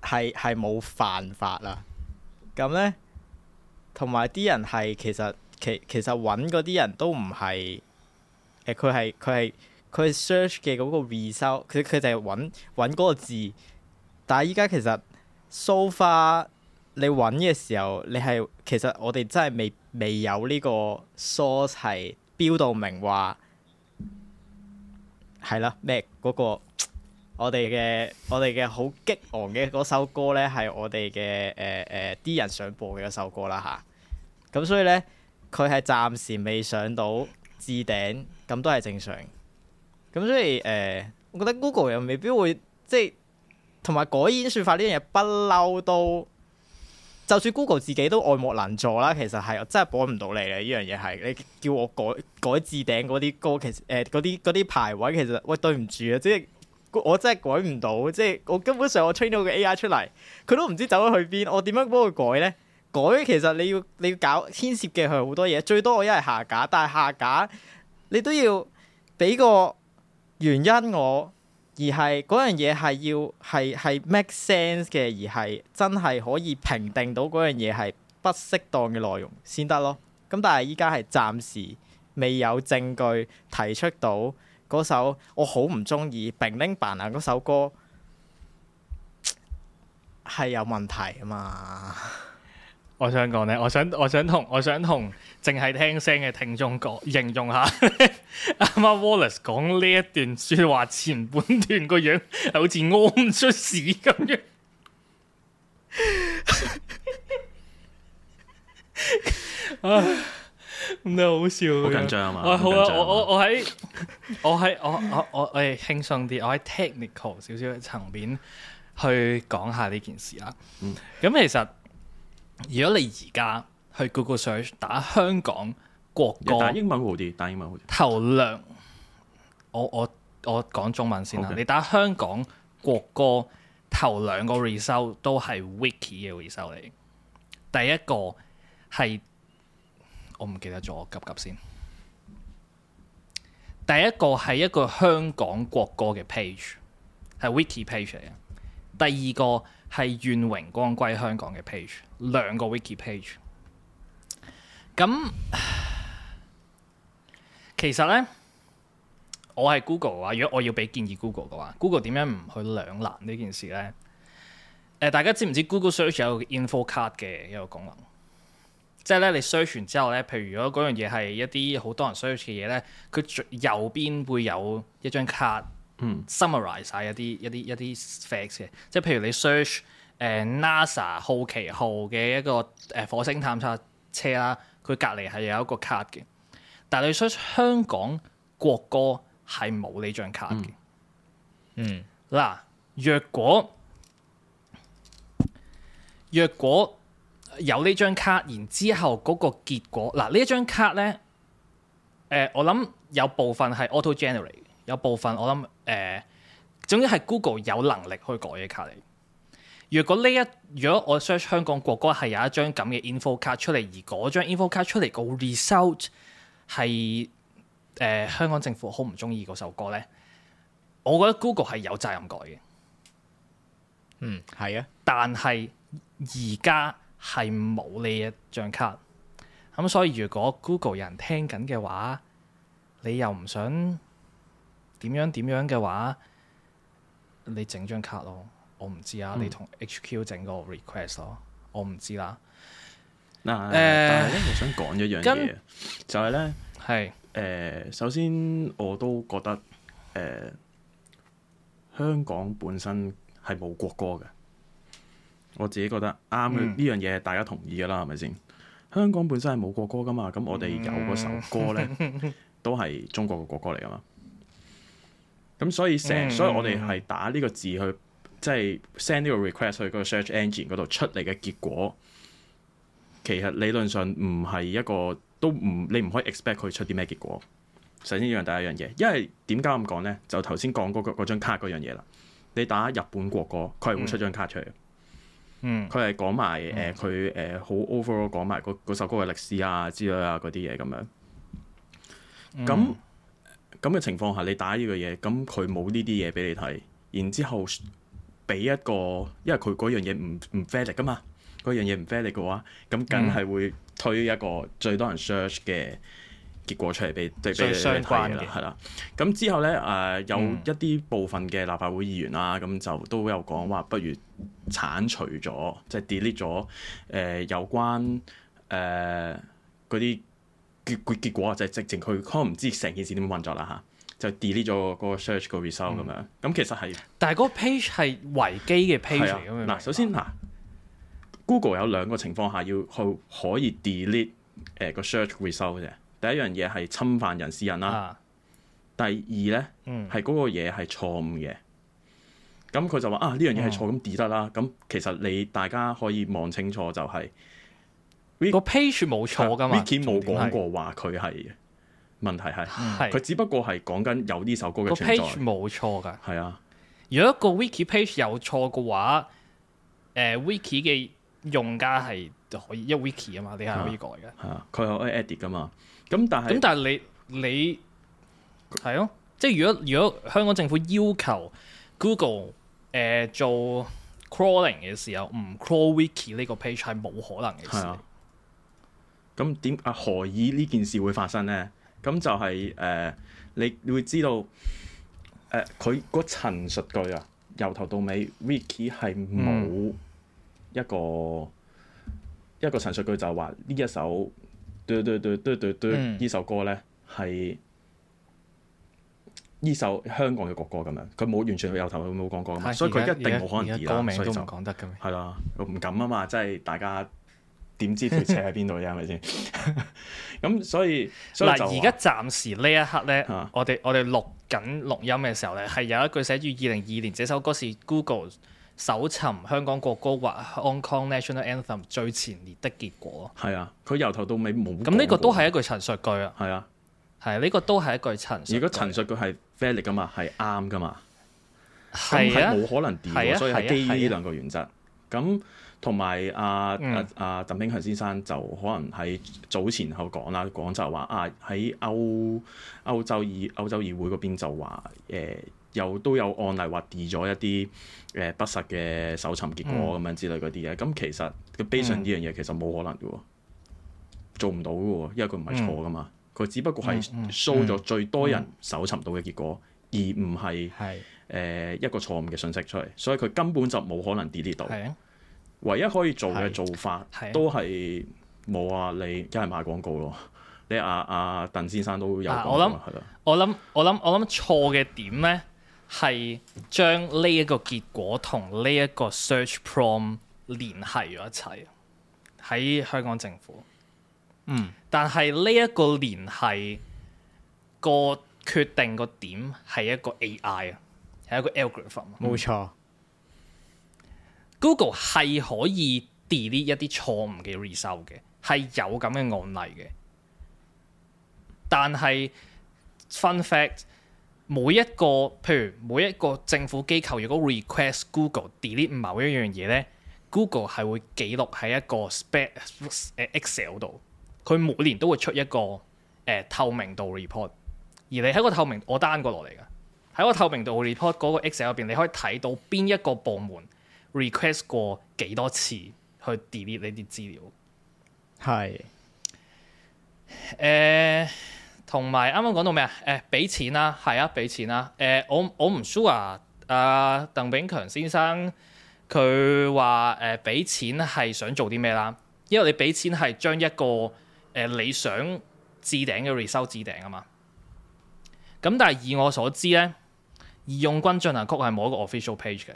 係係冇犯法啦。咁呢，同埋啲人係其實。其其實揾嗰啲人都唔係，誒佢係佢係佢係 search 嘅嗰個 result，佢佢就係揾揾嗰個字。但係依家其實，so far，你揾嘅時候，你係其實我哋真係未未有呢個 source 係標到明話係啦，咩嗰個我哋嘅我哋嘅好激昂嘅嗰首歌咧，係我哋嘅誒誒啲人想播嘅嗰首歌啦吓，咁、啊、所以咧。佢係暫時未上到置頂，咁都係正常。咁所以誒、呃，我覺得 Google 又未必會即係，同埋改演算法呢樣嘢不嬲都，就算 Google 自己都愛莫能助啦。其實係真係改唔到你嘅呢樣嘢係。你叫我改改置頂嗰啲歌，其實誒嗰啲啲排位其實，喂對唔住啊，即係我真係改唔到，即係我根本上我 train 到個 AI 出嚟，佢都唔知走咗去邊，我點樣幫佢改呢？改其實你要你要搞牽涉嘅係好多嘢，最多我一係下架，但係下架你都要俾個原因我，而係嗰樣嘢係要係係 make sense 嘅，而係真係可以評定到嗰樣嘢係不適當嘅內容先得咯。咁但係依家係暫時未有證據提出到嗰首我好唔中意並拎版啊嗰首歌係有問題啊嘛。我想講呢，我想同我想同我想同淨係聽聲嘅聽眾講，形容下啱啱 Wallace 講呢一段說話前半段個樣好似屙唔出屎咁樣。 *laughs* *laughs* 你好笑，好緊張啊嘛？好啊，我我我喺我喺我我我輕鬆啲，我喺 technical 少少嘅層面去講下呢件事啊。嗯，咁其實。如果你而家去 Google Search 打香港國歌，打英文好啲，打英文好啲。頭兩，我我我講中文先啦。Okay. 你打香港國歌，頭兩個 result 都係 Wiki 嘅 result 嚟。第一個係我唔記得咗，急急先。第一個係一個香港國歌嘅 page，係 Wiki page 嚟嘅。第二個。係願榮光歸香港嘅 page，兩個 wiki page 咁其實呢，我係 Google 嘅話，如果我要俾建議 Go Google 嘅話，Google 點樣唔去兩難呢件事呢？呃、大家知唔知 Google Search 有 Info Card 嘅一個功能？即係咧，你 search 完之後呢，譬如如果嗰樣嘢係一啲好多人 search 嘅嘢呢，佢最右邊會有一張卡。嗯，summarize 曬一啲一啲一啲 facts 嘅，即係譬如你 search 誒 NASA 好奇號嘅一個誒火星探測車啦，佢隔籬係有一個 card 嘅，但係你 search 香港國歌係冇呢張 card 嘅。嗯，嗱、嗯，若果若果有呢張卡，然之後個結果，嗱呢一張 card 咧，誒、呃、我諗有部分係 auto generate。Gener ate, 有部分我諗，誒、呃，總之係 Google 有能力去改嘅卡嚟。如果呢一，如果我 search 香港國歌係有一張咁嘅 info 卡出嚟，而嗰張 info 卡出嚟個 result 係誒、呃，香港政府好唔中意嗰首歌咧，我覺得 Google 係有責任改嘅。嗯，係啊，但係而家係冇呢一張卡咁所以如果 Google 有人聽緊嘅話，你又唔想？點樣點樣嘅話，你整張卡咯，我唔知啊。嗯、你同 HQ 整個 request 咯，我唔知啦。嗱，但係咧，我想講一樣嘢，跟就係咧，係誒是、呃，首先我都覺得誒、呃，香港本身係冇國歌嘅。我自己覺得啱嘅呢樣嘢，大家同意噶啦，係咪先？香港本身係冇國歌噶嘛，咁我哋有嗰首歌咧，嗯、都係中國嘅國歌嚟噶嘛。咁所以成，嗯嗯、所以我哋係打呢個字去，即係 send 呢個 request 去個 search engine 嗰度出嚟嘅結果，其實理論上唔係一個，都唔你唔可以 expect 佢出啲咩結果。首先一樣第一樣嘢，因為點解咁講咧？就頭先講嗰個張卡嗰樣嘢啦。你打日本國歌，佢係會出張卡出嚟嘅。嗯，佢係講埋誒，佢誒好 overall 講埋嗰首歌嘅歷史啊，之類啊嗰啲嘢咁樣。咁咁嘅情況下，你打呢個嘢，咁佢冇呢啲嘢俾你睇，然之後俾一個，因為佢嗰樣嘢唔唔 valid 噶嘛，嗰樣嘢唔 valid 嘅話，咁梗係會推一個最多人 search 嘅結果出嚟俾對比嘅啦，係啦、嗯。咁之後咧，誒、呃、有一啲部分嘅立法會議員啦、啊、咁、嗯、就都有講話，不如剷除咗，即、就、係、是、delete 咗誒、呃、有關誒嗰啲。呃結結果啊，就係直情佢可能唔知成件事點樣運作啦嚇，就 delete 咗嗰個 search 個 result 咁樣。咁其實係，但係嗰個 page 係維基嘅 page 嗱，啊、首先嗱、啊、Google 有兩個情況下要去可以 delete 誒個 search result 嘅。第一樣嘢係侵犯人私隱啦，啊、第二咧，嗯，係嗰個嘢係錯誤嘅。咁佢就話啊，呢樣嘢係錯，咁 delete 啦。咁其實你大家可以望清楚就係、是。呢個 page 冇錯噶嘛，wiki 冇講過話佢係問題係，佢、嗯、只不過係講緊有呢首歌嘅存在。Page 冇錯噶。係啊，如果一個 wiki page 有錯嘅話，誒、呃、wiki 嘅用家係就可以一 wiki 啊嘛，你係、啊啊、可以改嘅，佢可以 edit 噶嘛。咁但係咁但係你你係咯他、啊，即係如果如果香港政府要求 Google 誒、呃、做 crawling 嘅時候唔 crawl wiki 呢個 page 係冇可能嘅事。咁點啊？何以呢件事會發生咧？咁就係、是、誒、呃，你會知道誒，佢、呃、個陳述句啊，由頭到尾 Vicky 係冇一個、嗯、一個陳述句就話呢一首對對對對對對，依、嗯、首歌咧係呢首香港嘅國歌咁樣，佢冇完全去由頭佢冇講過啊嘛，所以佢一定冇在可能而家歌名都唔講得嘅，係啦，唔敢啊嘛，即係大家。點知條車喺邊度呀？係咪先？咁所以，嗱，而家暫時呢一刻咧，我哋我哋錄緊錄，錄音嘅時候咧，係有一句寫住二零二二年，這首歌是 Google 搜尋香港國歌或 Hong Kong National Anthem 最前列的結果。係啊，佢由頭到尾冇。咁呢個都係一句陳述句啊。係啊，係呢、啊這個都係一句陳述句。如果陳述句係 valid 噶嘛，係啱噶嘛，係冇可能變，啊、所以係基於呢兩個原則咁。同埋阿阿阿鄧炳強先生就可能喺早前有講啦，講就話啊喺歐歐洲議歐洲議會嗰邊就話誒又都有案例話 d 咗一啲誒不實嘅搜尋結果咁樣之類嗰啲嘅，咁、嗯、其實嘅 basic 呢樣嘢其實冇可能嘅喎，做唔到嘅喎，因為佢唔係錯嘅嘛，佢、嗯、只不過係 show 咗最多人搜尋到嘅結果，嗯嗯嗯、而唔係誒一個錯誤嘅信息出嚟，所以佢根本就冇可能 delete 到。唯一可以做嘅做法，的都係冇啊！你一係賣廣告咯，你阿阿鄧先生都有講，係、啊、我諗的我諗我諗錯嘅點呢，係將呢一個結果同呢一個 search prompt 聯繫咗一齊喺香港政府。嗯，但係呢一個聯繫個決定個點係一個 AI 啊，係一個 algorithm。冇錯。Google 係可以 delete 一啲錯誤嘅 result 嘅，係有咁嘅案例嘅。但係 fun fact，每一個譬如每一個政府機構如果 request Google delete 某一樣嘢呢 Google 係會記錄喺一個 spread、uh, Excel 度。佢每年都會出一個、uh, 透明度 report。而你喺個透明我 down 過落嚟㗎，喺個透明度 report 嗰個 Excel 入邊你可以睇到邊一個部門。request 過幾多次去 delete 呢啲資料？係是，誒同埋啱啱講到咩、呃、啊？誒俾錢啦，係啊，俾錢啦、啊。誒、呃、我我唔 sure 啊，鄧炳強先生佢話誒俾錢係想做啲咩啦？因為你俾錢係將一個誒、呃、你想置頂嘅 result 置，置頂啊嘛。咁但係以我所知咧，義勇軍進行曲係冇一個 official page 嘅。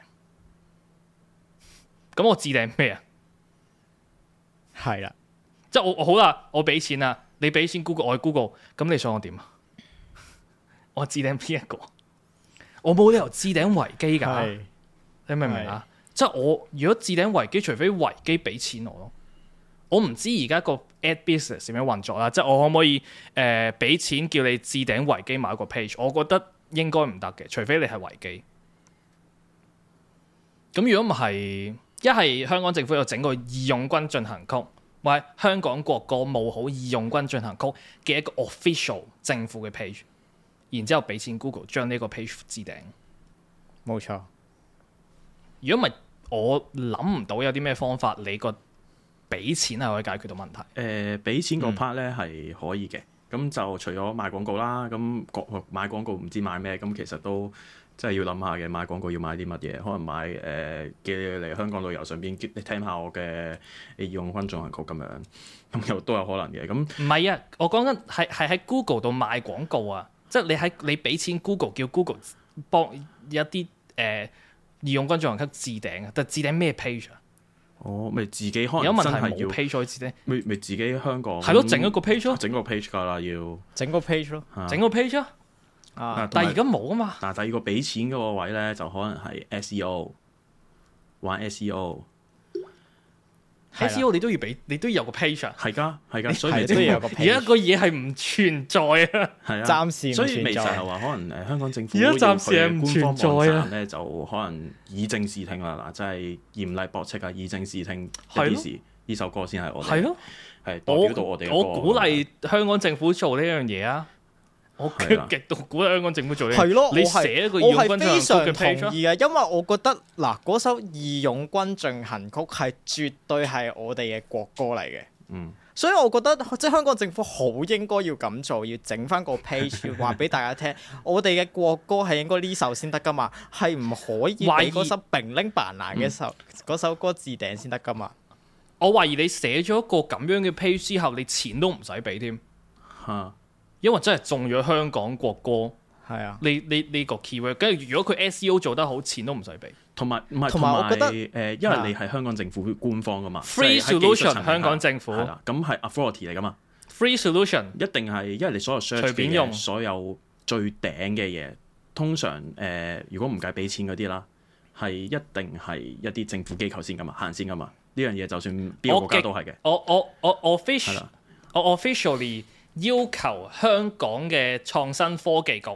咁我置頂咩啊？係啦的，即係我好啦，我俾錢啦，你俾錢 Google，我係 Google，咁你想我點啊？ *laughs* 我置頂邊一個，我冇理由置頂維基噶，的你明唔明啊？的即係我如果置頂維基，除非維基俾錢我咯。我唔知而家個 Ad Business 點樣運作啦，即係我可唔可以誒俾錢叫你置頂維基買個 page？我覺得應該唔得嘅，除非你係維基。咁如果唔係？一係香港政府有整個義勇軍進行曲，或香港國歌冇好義勇軍進行曲嘅一個 official 政府嘅 page，然之後俾錢 Google 將呢個 page 置頂，冇錯。如果唔係，我諗唔到有啲咩方法，你個俾錢係可以解決到問題。誒、呃，俾錢個 part 咧係可以嘅，咁、嗯、就除咗賣廣告啦，咁各賣廣告唔知賣咩，咁其實都。即係要諗下嘅，買廣告要買啲乜嘢？可能買誒嘅嚟香港旅遊上邊，你聽下我嘅義勇軍進行曲咁樣，咁又都有可能嘅。咁唔係啊，我講緊係係喺 Google 度賣廣告啊，即係你喺你俾錢 Google 叫 Google 幫一啲誒義勇軍進行曲置頂啊，但置頂咩 page 啊？哦，咪自己可能要有問題冇 page 再置頂。咪咪自己香港係咯，整一個 page 咯，啊，整個 page 㗎啦，要整個 page 咯，整個 page 啊！但係而家冇啊嘛。但係第二個俾錢嗰個位咧，就可能係 SEO，玩 SEO 的。SEO 你都要俾，你都要有個 page 係噶，係噶，所以都要有一個。而家個嘢係唔存在啊，暫的時唔存在。所以其實係話，可能誒香港政府而家暫時係唔存在咧，就可能以正視聽啦。嗱，即係嚴厲駁斥啊，以正視聽呢件事呢首歌先係我，的我，我哋，係咯，係代表到我哋。我鼓勵香港政府做呢樣嘢啊。我激極度估香港政府做嘢，我你寫個義勇軍進行曲嘅 page 啊！因為我覺得嗱，嗰的首義勇軍進行曲係絕對係我哋嘅國歌嚟嘅。嗯、所以我覺得即係香港政府好應該要咁做，要整翻個 page，話俾大家聽， *laughs* 我哋嘅國歌係應該呢首先得噶嘛，係唔可以俾嗰首並拎扮難嘅首、嗯、首歌置頂先得噶嘛。嗯、我懷疑你寫咗一個咁樣嘅 page 之後，你錢都唔使俾添。吓！ *laughs* 因為真係中咗香港國歌，係啊，你你你個 keyword，跟住如果佢 SEO 做得好，錢都唔使俾。同埋唔係，同埋我覺得誒，因為你係香港政府官方噶嘛，free solution，香港政府咁係 authority 嚟噶嘛，free solution 一定係因為你所有 search 嘅，所有最頂嘅嘢，通常誒，如果唔計俾錢嗰啲啦，係一定係一啲政府機構先噶嘛，行先噶嘛，呢樣嘢就算邊個國家都係嘅。我我我 official，我 officially，要求香港嘅創新科技局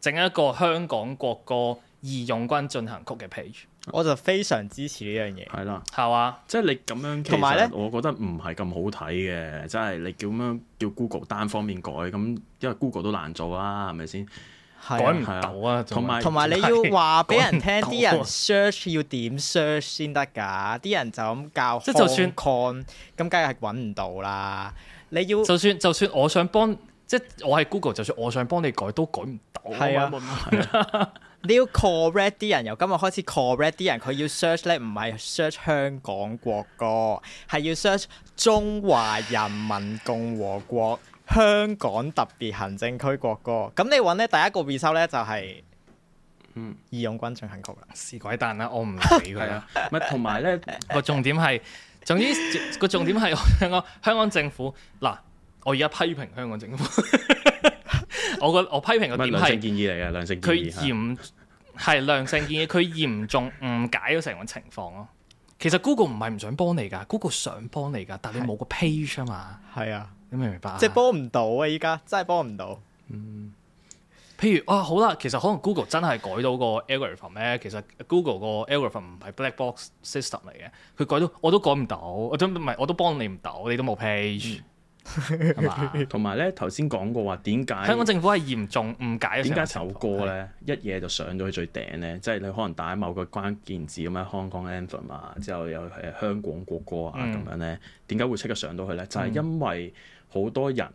整一個香港國歌義勇軍進行曲嘅 page，啊、我就非常支持呢樣嘢。係啦，係嘛？即係你咁樣，其實我覺得唔係咁好睇嘅，即係你叫咩叫 Google 單方面改咁，因為 Google 都難做啦，係咪先？的改唔到啊！同埋同埋你要話俾人聽，啲人 search 要點 search 先得㗎？啲人就咁教，即係就算 con 咁，梗係揾唔到啦。你要就算就算我想幫，即係我係 Google，就算我想幫你改都改唔到。係啊，什麼什麼 *laughs* 你要 correct 啲人，由今日開始 correct 啲人，佢要 search 咧，唔係 search 香港國歌，係要 search 中華人民共和國 *laughs* 香港特別行政區國歌。咁你揾呢第一個 result 咧就係，嗯，義勇軍進行曲啦。是鬼蛋啦，我唔理佢啦。同埋咧個重點係。總之個重點係香港，香港政府嗱，我而家批評香港政府，我個 *laughs* 我，我批評個點批？良性建議嚟嘅，良性建議。佢嚴係良性建議，佢嚴重誤解咗成個情況咯。其實 Google 唔係唔想幫你噶，Google 想幫你噶，啊、但係你冇個 page 啊嘛。係啊，你明唔明白？即係幫唔到啊！依家真係幫唔到。嗯。譬如啊、哦，好啦，其實可能 Google 真係改到個 algorithm 咧。其實 Google 個 algorithm 唔係 black box system 嚟嘅，佢改到我都改唔到。我都唔係我都幫你唔到，你都冇 page、嗯。同埋咧，頭先講過話點解香港政府係嚴重誤解？點解首歌咧的一嘢就上到去最頂咧？即係你可能打某個關鍵字咁樣，香港 anthem 啊、之後香港國歌啊，之後又係香港國歌啊咁樣咧，點解會即刻上到去咧？就係、是、因為好多人。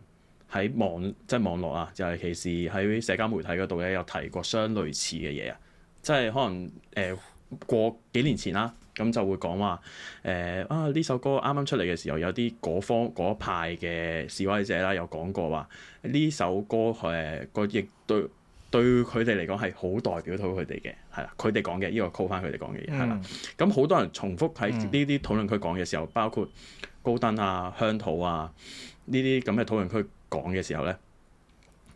喺網即係網絡啊，就尤其是喺社交媒體嗰度咧，有提過相類似嘅嘢啊，即係可能誒、呃、過幾年前啦，咁就會講話誒啊呢首歌啱啱出嚟嘅時候，有啲嗰方嗰派嘅示威者啦，有講過話呢首歌誒個亦對對佢哋嚟講係好代表到佢哋嘅，係啦，佢哋講嘅呢個 call 翻佢哋講嘅嘢係啦，咁好、嗯、多人重複喺呢啲討論區講嘅時候，嗯、包括高登啊、鄉土啊。呢啲咁嘅討論區講嘅時候咧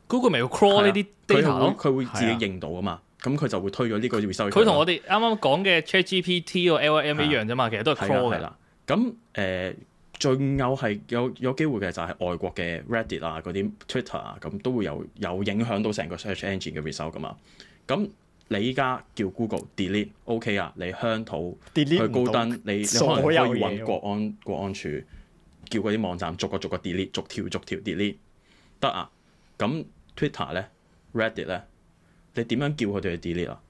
，Google 咪要 crawl 呢啲 data 佢會自己認到啊嘛，咁佢、啊、就會推咗呢個 result。佢同我哋啱啱講嘅 ChatGPT 個 LLM 一樣啫嘛，啊、其實都係 crawl、啊。係啦、啊，咁誒最牛係有有，有機會嘅就係外國嘅 Reddit 啊、嗰啲 Twitter 啊，咁都會有有影響到成個 search engine 嘅 result 噶嘛。咁你依家叫 Google delete OK 啊？你鄉土 delete 唔到，你可，可以揾國安國安處，叫嗰啲網站逐個逐個 delete，逐條逐條 delete 得啊？咁 Twitter 咧、Reddit 咧，你點樣叫佢哋去 delete 啊？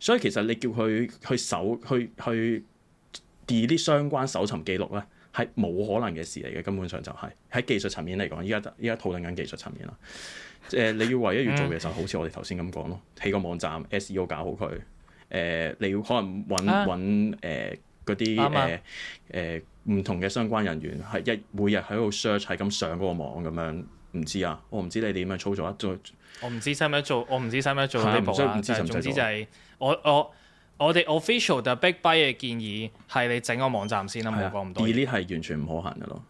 所以其實你叫佢去搜、去去 delete 相關搜尋記錄咧，係冇可能嘅事嚟嘅，根本上就係、是、喺技術層面嚟講，依家依家討論緊技術層面啦。誒、呃，你要唯一要做嘅就好似我哋頭先咁講咯，起個網站 SEO 搞好佢，誒、呃，你要可能揾揾誒。啊嗰啲誒唔同嘅相關人員係一每日喺度 search 係咁上嗰個網咁樣，唔知啊，我唔知你點樣操作啊，做我唔知使唔使做，我唔知使唔使做呢，總之就係我我我哋 official 但係 back by 嘅建議係你整個網站先啦。冇好講唔到。Delete 係完全唔可行嘅咯。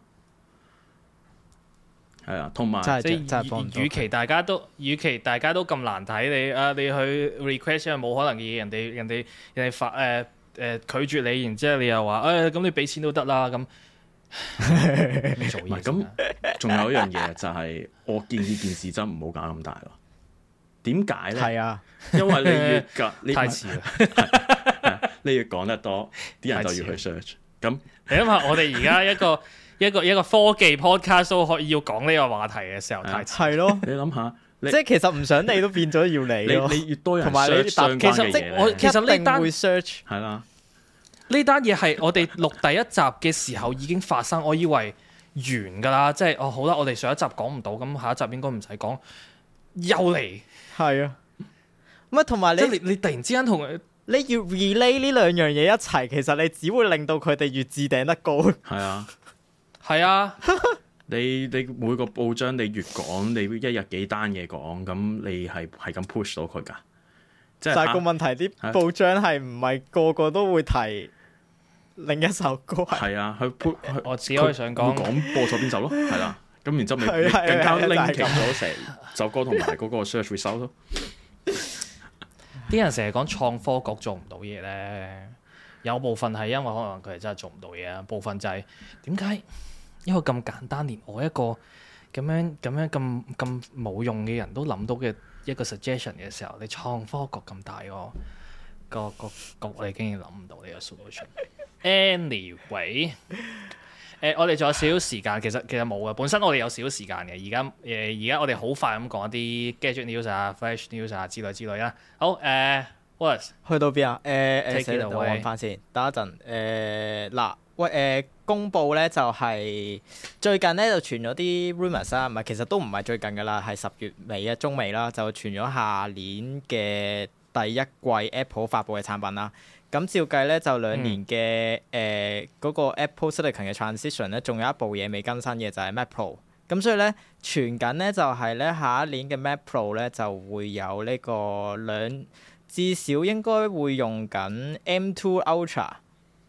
係啊，同埋即係與其大家都與其大家都咁難睇你啊，你去 request 係冇可能嘅嘢，人哋人哋人哋發誒。誒拒絕你，然之後你又話誒，咁、哎、你俾錢都得啦咁。唔係咁，仲 *laughs* 有一樣嘢就係，我建議件事真唔好搞咁大咯。點解咧？係啊，因為咧，呢、呃、你太遲啦， *laughs* 你要講得多，啲人就要去 search。咁那你諗下，我哋而家一個一個一個科技 podcast 可以要講呢個話題嘅時候太遲。係咯、啊，的你諗下。即係其實唔想你都變咗要 *laughs* 你你越多人同埋你其實我其實呢單嘢係 *laughs* 我哋錄第一集嘅時候已經發生， *laughs* 我以為完噶啦，即係哦好啦，我哋上一集講唔到，咁下一集應該唔使講又嚟，係啊，乜同埋你你，你突然之間同你要 relay 呢兩樣嘢一齊，其實你只會令到佢哋越置頂得高，係 *laughs* 是啊，係啊。你你每個報章你越講，你一日幾單嘢講，咁你係係咁 push 到佢噶，即係、啊。但係個問題啲報章係唔係個個都會提另一首歌？係啊，佢 push 佢我只可以想講，講播咗邊首咯，係啦、啊。咁然之後咪更加拎唔到成首歌同埋嗰個 search result 咯。啲、啊就是、 *laughs* 人成日講創科局做唔到嘢咧，有部分係因為可能佢哋真係做唔到嘢啊，部分就係點解？因為咁簡單，連我一個咁樣咁樣咁咁冇用嘅人都諗到嘅一個 suggestion 嘅時候，你創科局咁大個個個局已經個，哋竟然諗唔到你個 solution？Anyway，誒、呃，我哋仲有少少時間，其實其實冇啊。本身我哋有少少時間嘅，而家誒而家我哋好快咁講啲 gadget news 啊、flash news 啊之類之類啦。好誒、uh，What 去到邊啊？誒、呃、誒，我哋揾翻先，等一陣誒嗱喂誒。呃公布咧就係最近咧就傳咗啲 rumors 啦，唔係其實都唔係最近噶啦，係十月尾啊中尾啦，就傳咗下年嘅第一季 Apple 發布嘅產品啦。咁照計咧就兩年嘅誒嗰個 Apple Silicon 嘅 transition 咧，仲有一部嘢未更新嘅就係 Mac Pro。咁所以咧傳緊咧就係咧下一年嘅 Mac Pro 咧就會有呢個兩至少應該會用緊 M2 Ultra。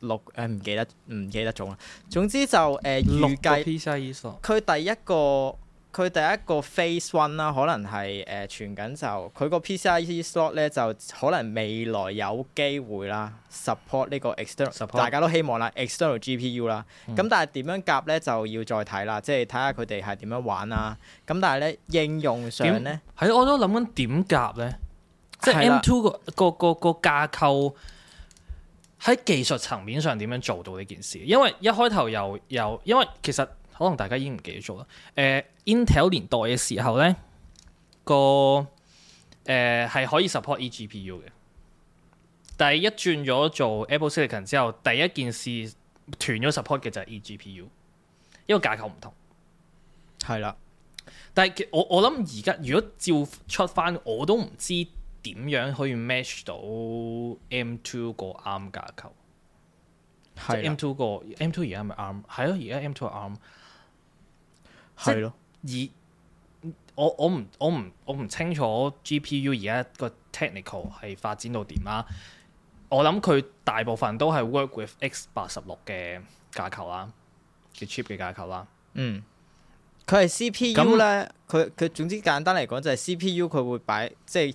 六，誒唔、呃、記得唔記得咗啦。總之就誒、呃、預計佢第一個佢第一個 Phase One 啦，可能係誒傳緊就佢個 PCI-E slot 咧，就可能未來有機會啦，support 呢個 external，Support? 大家都希望啦，external GPU 啦。咁、嗯、但係點樣夾咧，就要再睇啦，即係睇下佢哋係點樣玩啊。咁但係咧，應用上咧，係我都諗緊點夾咧，即係的 M Two、那個、那個個、那個架構。喺技術層面上點樣做到呢件事？因為一開頭又又，因為其實可能大家已經唔記得咗喇。誒、呃、Intel 年代嘅時候呢個誒係、呃、可以 support eGPU 嘅，但係一轉咗做 Apple Silicon 之後，第一件事斷咗 support 嘅就係 eGPU，因為架構唔同。係啦的，但係我我諗而家如果照出返，我都唔知。點樣可以 match 到 M two 個 ARM 架構？係的 M two 個 M two 而家咪 ARM 係咯，而家 M two ARM 係咯的。而的我我唔我唔我唔清楚 GPU 而家個 technical 係發展到點啦。我諗佢大部分都係 work with X 八十六嘅架構啦，嘅 chip 嘅架構啦。嗯，佢係 CPU 咧，佢佢總之簡單嚟講就係 CPU 佢會擺即係。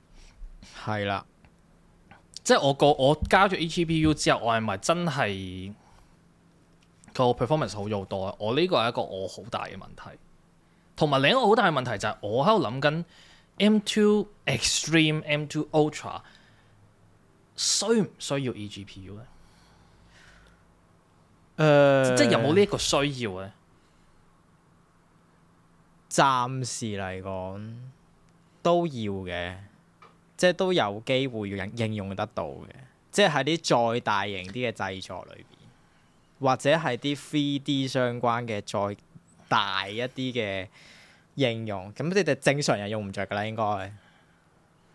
係啦，即係我個我加咗 eGPU 之後，我係咪真係個 performance 好咗好多啊？我呢個係一個我好大嘅問題，同埋另一個好大嘅問題就係我喺度諗緊 M two Extreme、M two Ultra 需唔需要 eGPU 咧？誒、呃，即係有冇呢一個需要咧？暫時嚟講都要嘅。即係都有機會用應用得到嘅，即係喺啲再大型啲嘅製作裏邊，或者係啲 3D 相關嘅再大一啲嘅應用，咁你哋正常人用唔着噶啦，應該。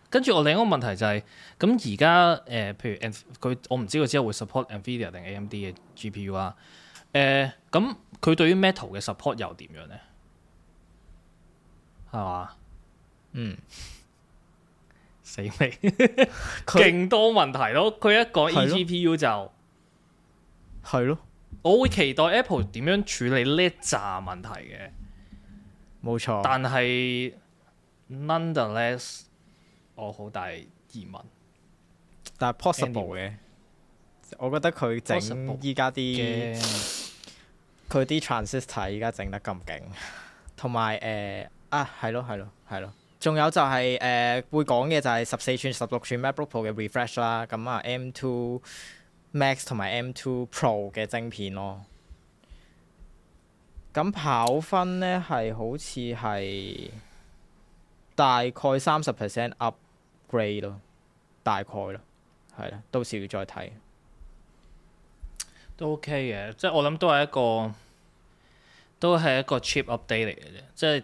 跟住我另一個問題就係、是，咁而家誒，譬如佢我唔知佢之後會 support Nvidia 定 AMD 嘅 GPU 啊，誒、呃，咁佢對於 Metal 嘅 support 又點樣呢？係嘛？嗯。死未？勁 *laughs* 多問題咯！佢一講 eGPU 就係咯，的我會期待 Apple 點樣處理呢一扎問題嘅。冇錯。但係 nonetheless 我好大疑問。但係 possible 嘅，Andy 我覺得佢整依家啲佢啲 transistor 依家整得咁勁，同埋誒啊，係咯係咯係咯。仲有就係、是、誒、呃、會講嘅就係十四寸、十六寸 MacBook Pro 嘅 refresh 啦，咁啊 M2 Max 同埋 M2 Pro 嘅晶片咯。咁跑分咧係好似係大概三十 percent upgrade 咯，大概咯，係啦，到時要再睇。都 OK 嘅，即係我諗都係一個都係一個 cheap update 嚟嘅啫，即係。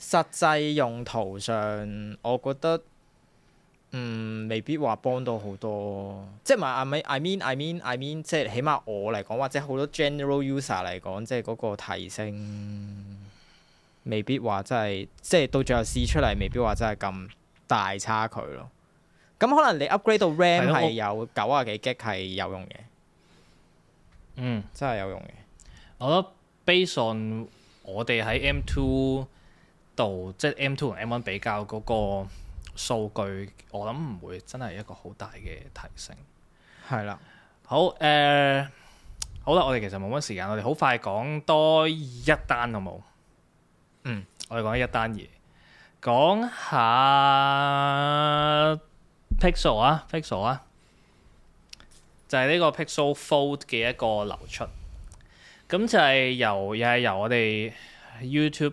實際用途上，我覺得嗯，未必話幫到好多，即係唔係？I mean, I mean, I mean，即係起碼我嚟講，或者好多 general user 嚟講，即係嗰個提升未必話真係，即係到最後試出嚟，未必話真係咁大差距咯。咁可能你 upgrade 到 RAM 係有九啊幾 G 係有用嘅，用嗯，真係有用嘅。我覺得 based on 我哋喺 M two。到即係 M two 同 M one 比較嗰個數據，我諗唔會真係一個好大嘅提升。係啦，好誒，好啦，我哋其實冇乜時間，我哋好快講多一單好冇？嗯，我哋講一單嘢，講下 Pixel 啊，Pixel 啊，就係呢個 Pixel Fold 嘅一個流出。咁就係由，又係由我哋 YouTube。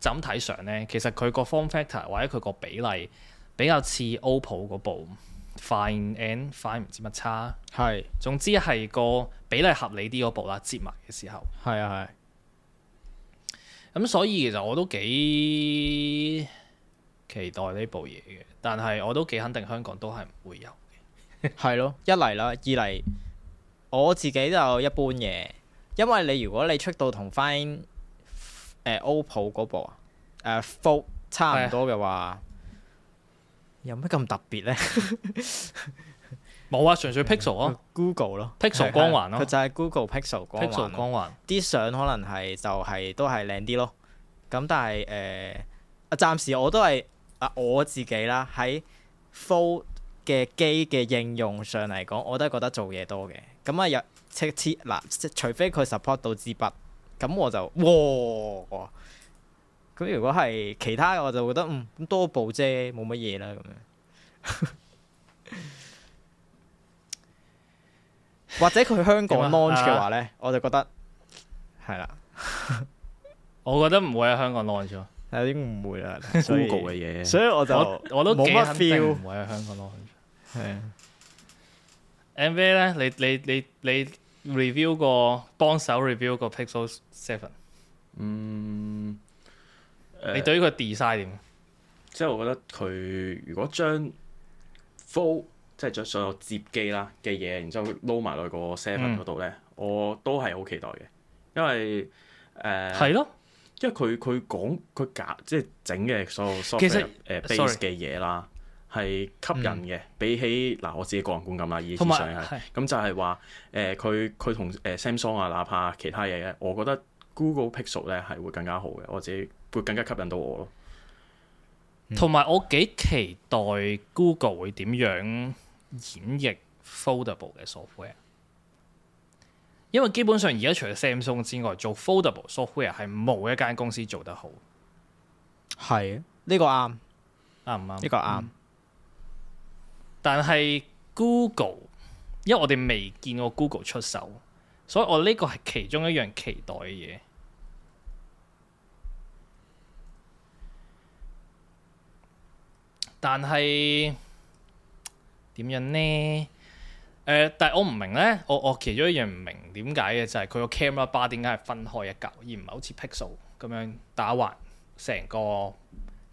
就咁上相咧，其實佢個 form factor 或者佢個比例比較似 OPPO 嗰部 Fine and Fine 唔知乜叉，係是總之係個比例合理啲嗰部啦。折埋嘅時候係啊，係。咁、嗯、所以其實我都幾期待呢部嘢嘅，但係我都幾肯定香港都係唔會有嘅。係 *laughs* 咯，一嚟啦，二嚟我自己就一般嘢，因為你如果你出到同 Fine 誒、uh,，OPPO 嗰部啊，誒、uh,，Fold 對差唔多嘅話，有乜咁特別咧？冇 *laughs* *noise* 啊，純粹 Pixel 咯、啊、 *noise* ，Google 咯，Pixel 光環咯，佢、 *noise* 啊、就係 Google Pixel 光環。Pixel 光環，啲相 *noise* 可能係就係、是、都係靚啲咯。咁但係誒，暫、呃、時我都係啊，我自己啦，喺 Fold 嘅機嘅應用上嚟講，我都係覺得做嘢多嘅。咁啊，有，即係，嗱，即係除非佢 support 到支筆。咁我就哇！咁如果係其他嘅，我就覺得嗯多部啫，冇乜嘢啦咁樣。或者佢香港 launch 嘅話呢，我就覺得係啦。我覺得唔會喺香港 launch 咯，應該唔會啦。中國嘅嘢，所以我就我都冇乜 feel 唔會喺香港 launch。係啊，NBay 呢，你你你你。review 個幫手 review 個 Pixel Seven，嗯，呃、你對於佢 design 點？即係、呃就是、我覺得佢如果將 full 即係將所有接機啦嘅嘢，然之後撈埋落個 Seven 嗰度咧，嗯、我都係好期待嘅，因為誒係咯，呃、的因為佢佢講佢搞即係整嘅所有、software，其實誒、呃、base 嘅嘢啦。係吸引嘅，嗯、比起嗱、呃、我自己個人觀感啦，以上係咁有就係話，誒、呃、佢佢同誒 Samsung 啊，哪怕其他嘢嘅，我覺得 Google Pixel 咧係會更加好嘅，或者會更加吸引到我咯。同埋、嗯、我幾期待 Google 會點樣演繹 Foldable 嘅 software，因為基本上而家除咗 Samsung 之外，做 Foldable software 係冇一間公司做得好。係呢、啊呢個啱，啱唔啱？呢個啱。但係 Google，因為我哋未見過 Google 出手，所以我呢個係其中一樣期待嘅嘢。但係點樣呢？呃，但但我唔明呢，我我其中一樣唔明點解嘅就係佢個 camera bar 點解係分開一嚿，而唔係好似 Pixel 咁樣打橫成個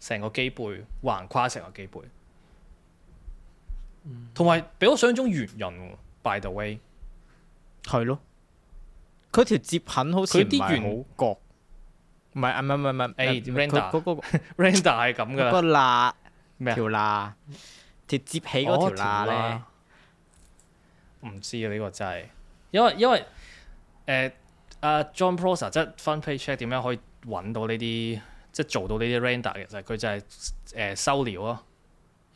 成個機背橫跨成個機背。同埋，比我想像中圓人。嗯、by the way，係咯，佢條接痕好似唔係好角，唔係啊，唔係唔係，誒，佢嗰、欸、個 render 係咁嘅。個罅，條罅條接起嗰條罅咧，唔、哦、知啊，呢個真係，因為因為誒阿、呃啊、John Prosser 即係 Fun Page Check 點樣可以搵到呢啲，即、就、係、是、做到呢啲 render 其實佢就係誒、就是呃、收料咯。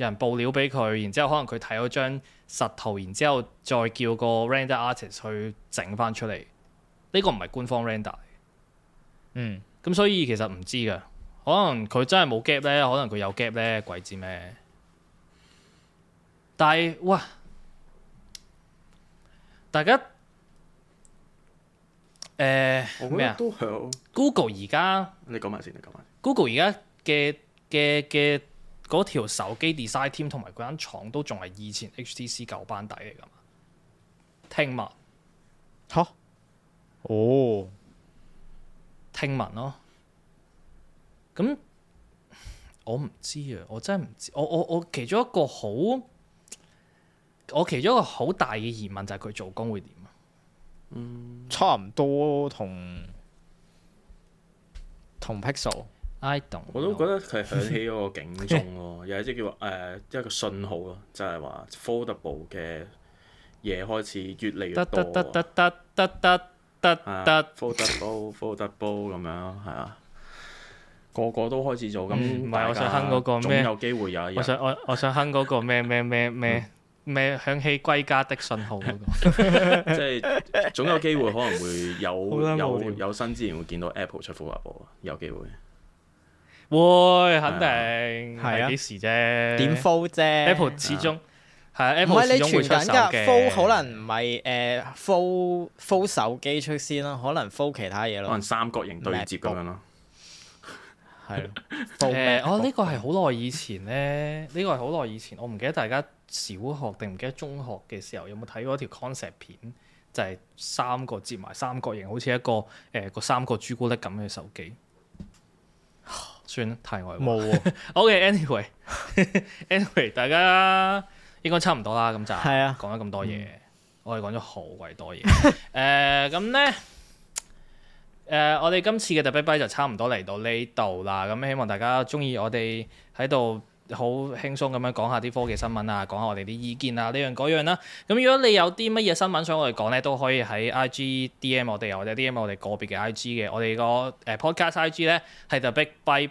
人報料俾佢，然之後可能佢睇咗張實圖，然之後再叫個 render artist 去整翻出嚟。呢、這個唔係官方 render。嗯，咁所以其實唔知嘅，可能佢真係冇 gap 咧，可能佢有 gap 咧，鬼知咩？但係哇，大家誒咩啊？Google 而家你講埋先，你講埋先。Google 而家嘅嘅嘅。嗰條手機 design team 同埋嗰間廠都仲係以前 HTC 舊班底嚟㗎嘛？聽聞吓？哦，聽聞囉。咁我唔知啊，我真係唔知。我我我其中一個好，我其中一個好大嘅疑問就係佢做工會點啊？嗯，差唔多同同 Pixel。I 我都覺得佢響起嗰個警鐘咯、哦，又係即係叫話誒一個信號咯，就係、是、話 Foldable 嘅嘢開始越嚟越多，得得得 *laughs* 得得得得得 Foldable Foldable 咁樣係啊，個個都開始做咁。唔係 *laughs* 家、嗯，我想哼嗰個咩？麼有機會有我我，我想我我想哼嗰個咩咩咩咩咩響起歸家的信號嗰、那個、 *laughs* *laughs* *laughs* 即係總有機會可能會有 *laughs* 有有，有新之前會見到 Apple 出 Foldable 有機會。會肯定係啊，幾時啫？點 Fold 啫？Apple 始終係啊 Apple 唔係你傳緊嘅 Fold 可能唔係誒 Fold Fold 手機出先咯，可能 Fold 其他嘢咯。可能，可能三角形對接咁樣咯，係咯。誒，哦，呢個係好耐以前咧，呢個係好耐以前，我唔記得大家小學定唔記得中學嘅時候有冇睇過一條 concept 片，就係三個接埋三角形，好似一個誒個三個朱古力咁嘅手機。算題外話冇喎。有 *laughs* OK，anyway，anyway，、anyway，大家應該差唔多啦，咁就係啊，講咗咁多嘢，嗯、我哋講咗好鬼多嘢。誒、 *laughs* uh，咁咧誒，我哋今次嘅 The Big Byte 就差唔多嚟到呢度啦。咁希望大家中意我哋喺度好輕鬆咁樣講下啲科技新聞啊，講下我哋啲意見啊，呢樣嗰樣啦。咁如果你有啲乜嘢新聞想我哋講咧，都可以喺 IG DM 我哋，或者 DM 我哋個別嘅 IG 嘅，我哋個誒 podcast IG 咧係 The Big Byte。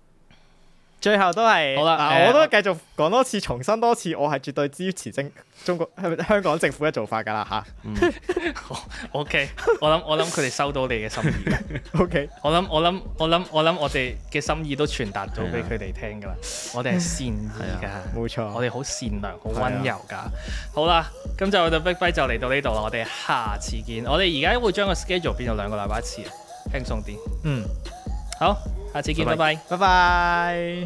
最後都係好啦，我都繼續講多次，重申多次，我係絕對支持政中國、香港政府嘅做法噶啦吓。O K，我諗我諗佢哋收到你嘅心意。O K，我諗我諗我諗我諗我哋嘅心意都傳達咗俾佢哋聽噶啦。我哋係善意噶，冇錯，我哋好善良，好溫柔噶。好啦，咁就我哋 Big Byte 就嚟到呢度啦。我哋下次見。我哋而家會將個 schedule 變到兩個禮拜一次，輕鬆啲。嗯，好。下次見，拜拜，拜拜。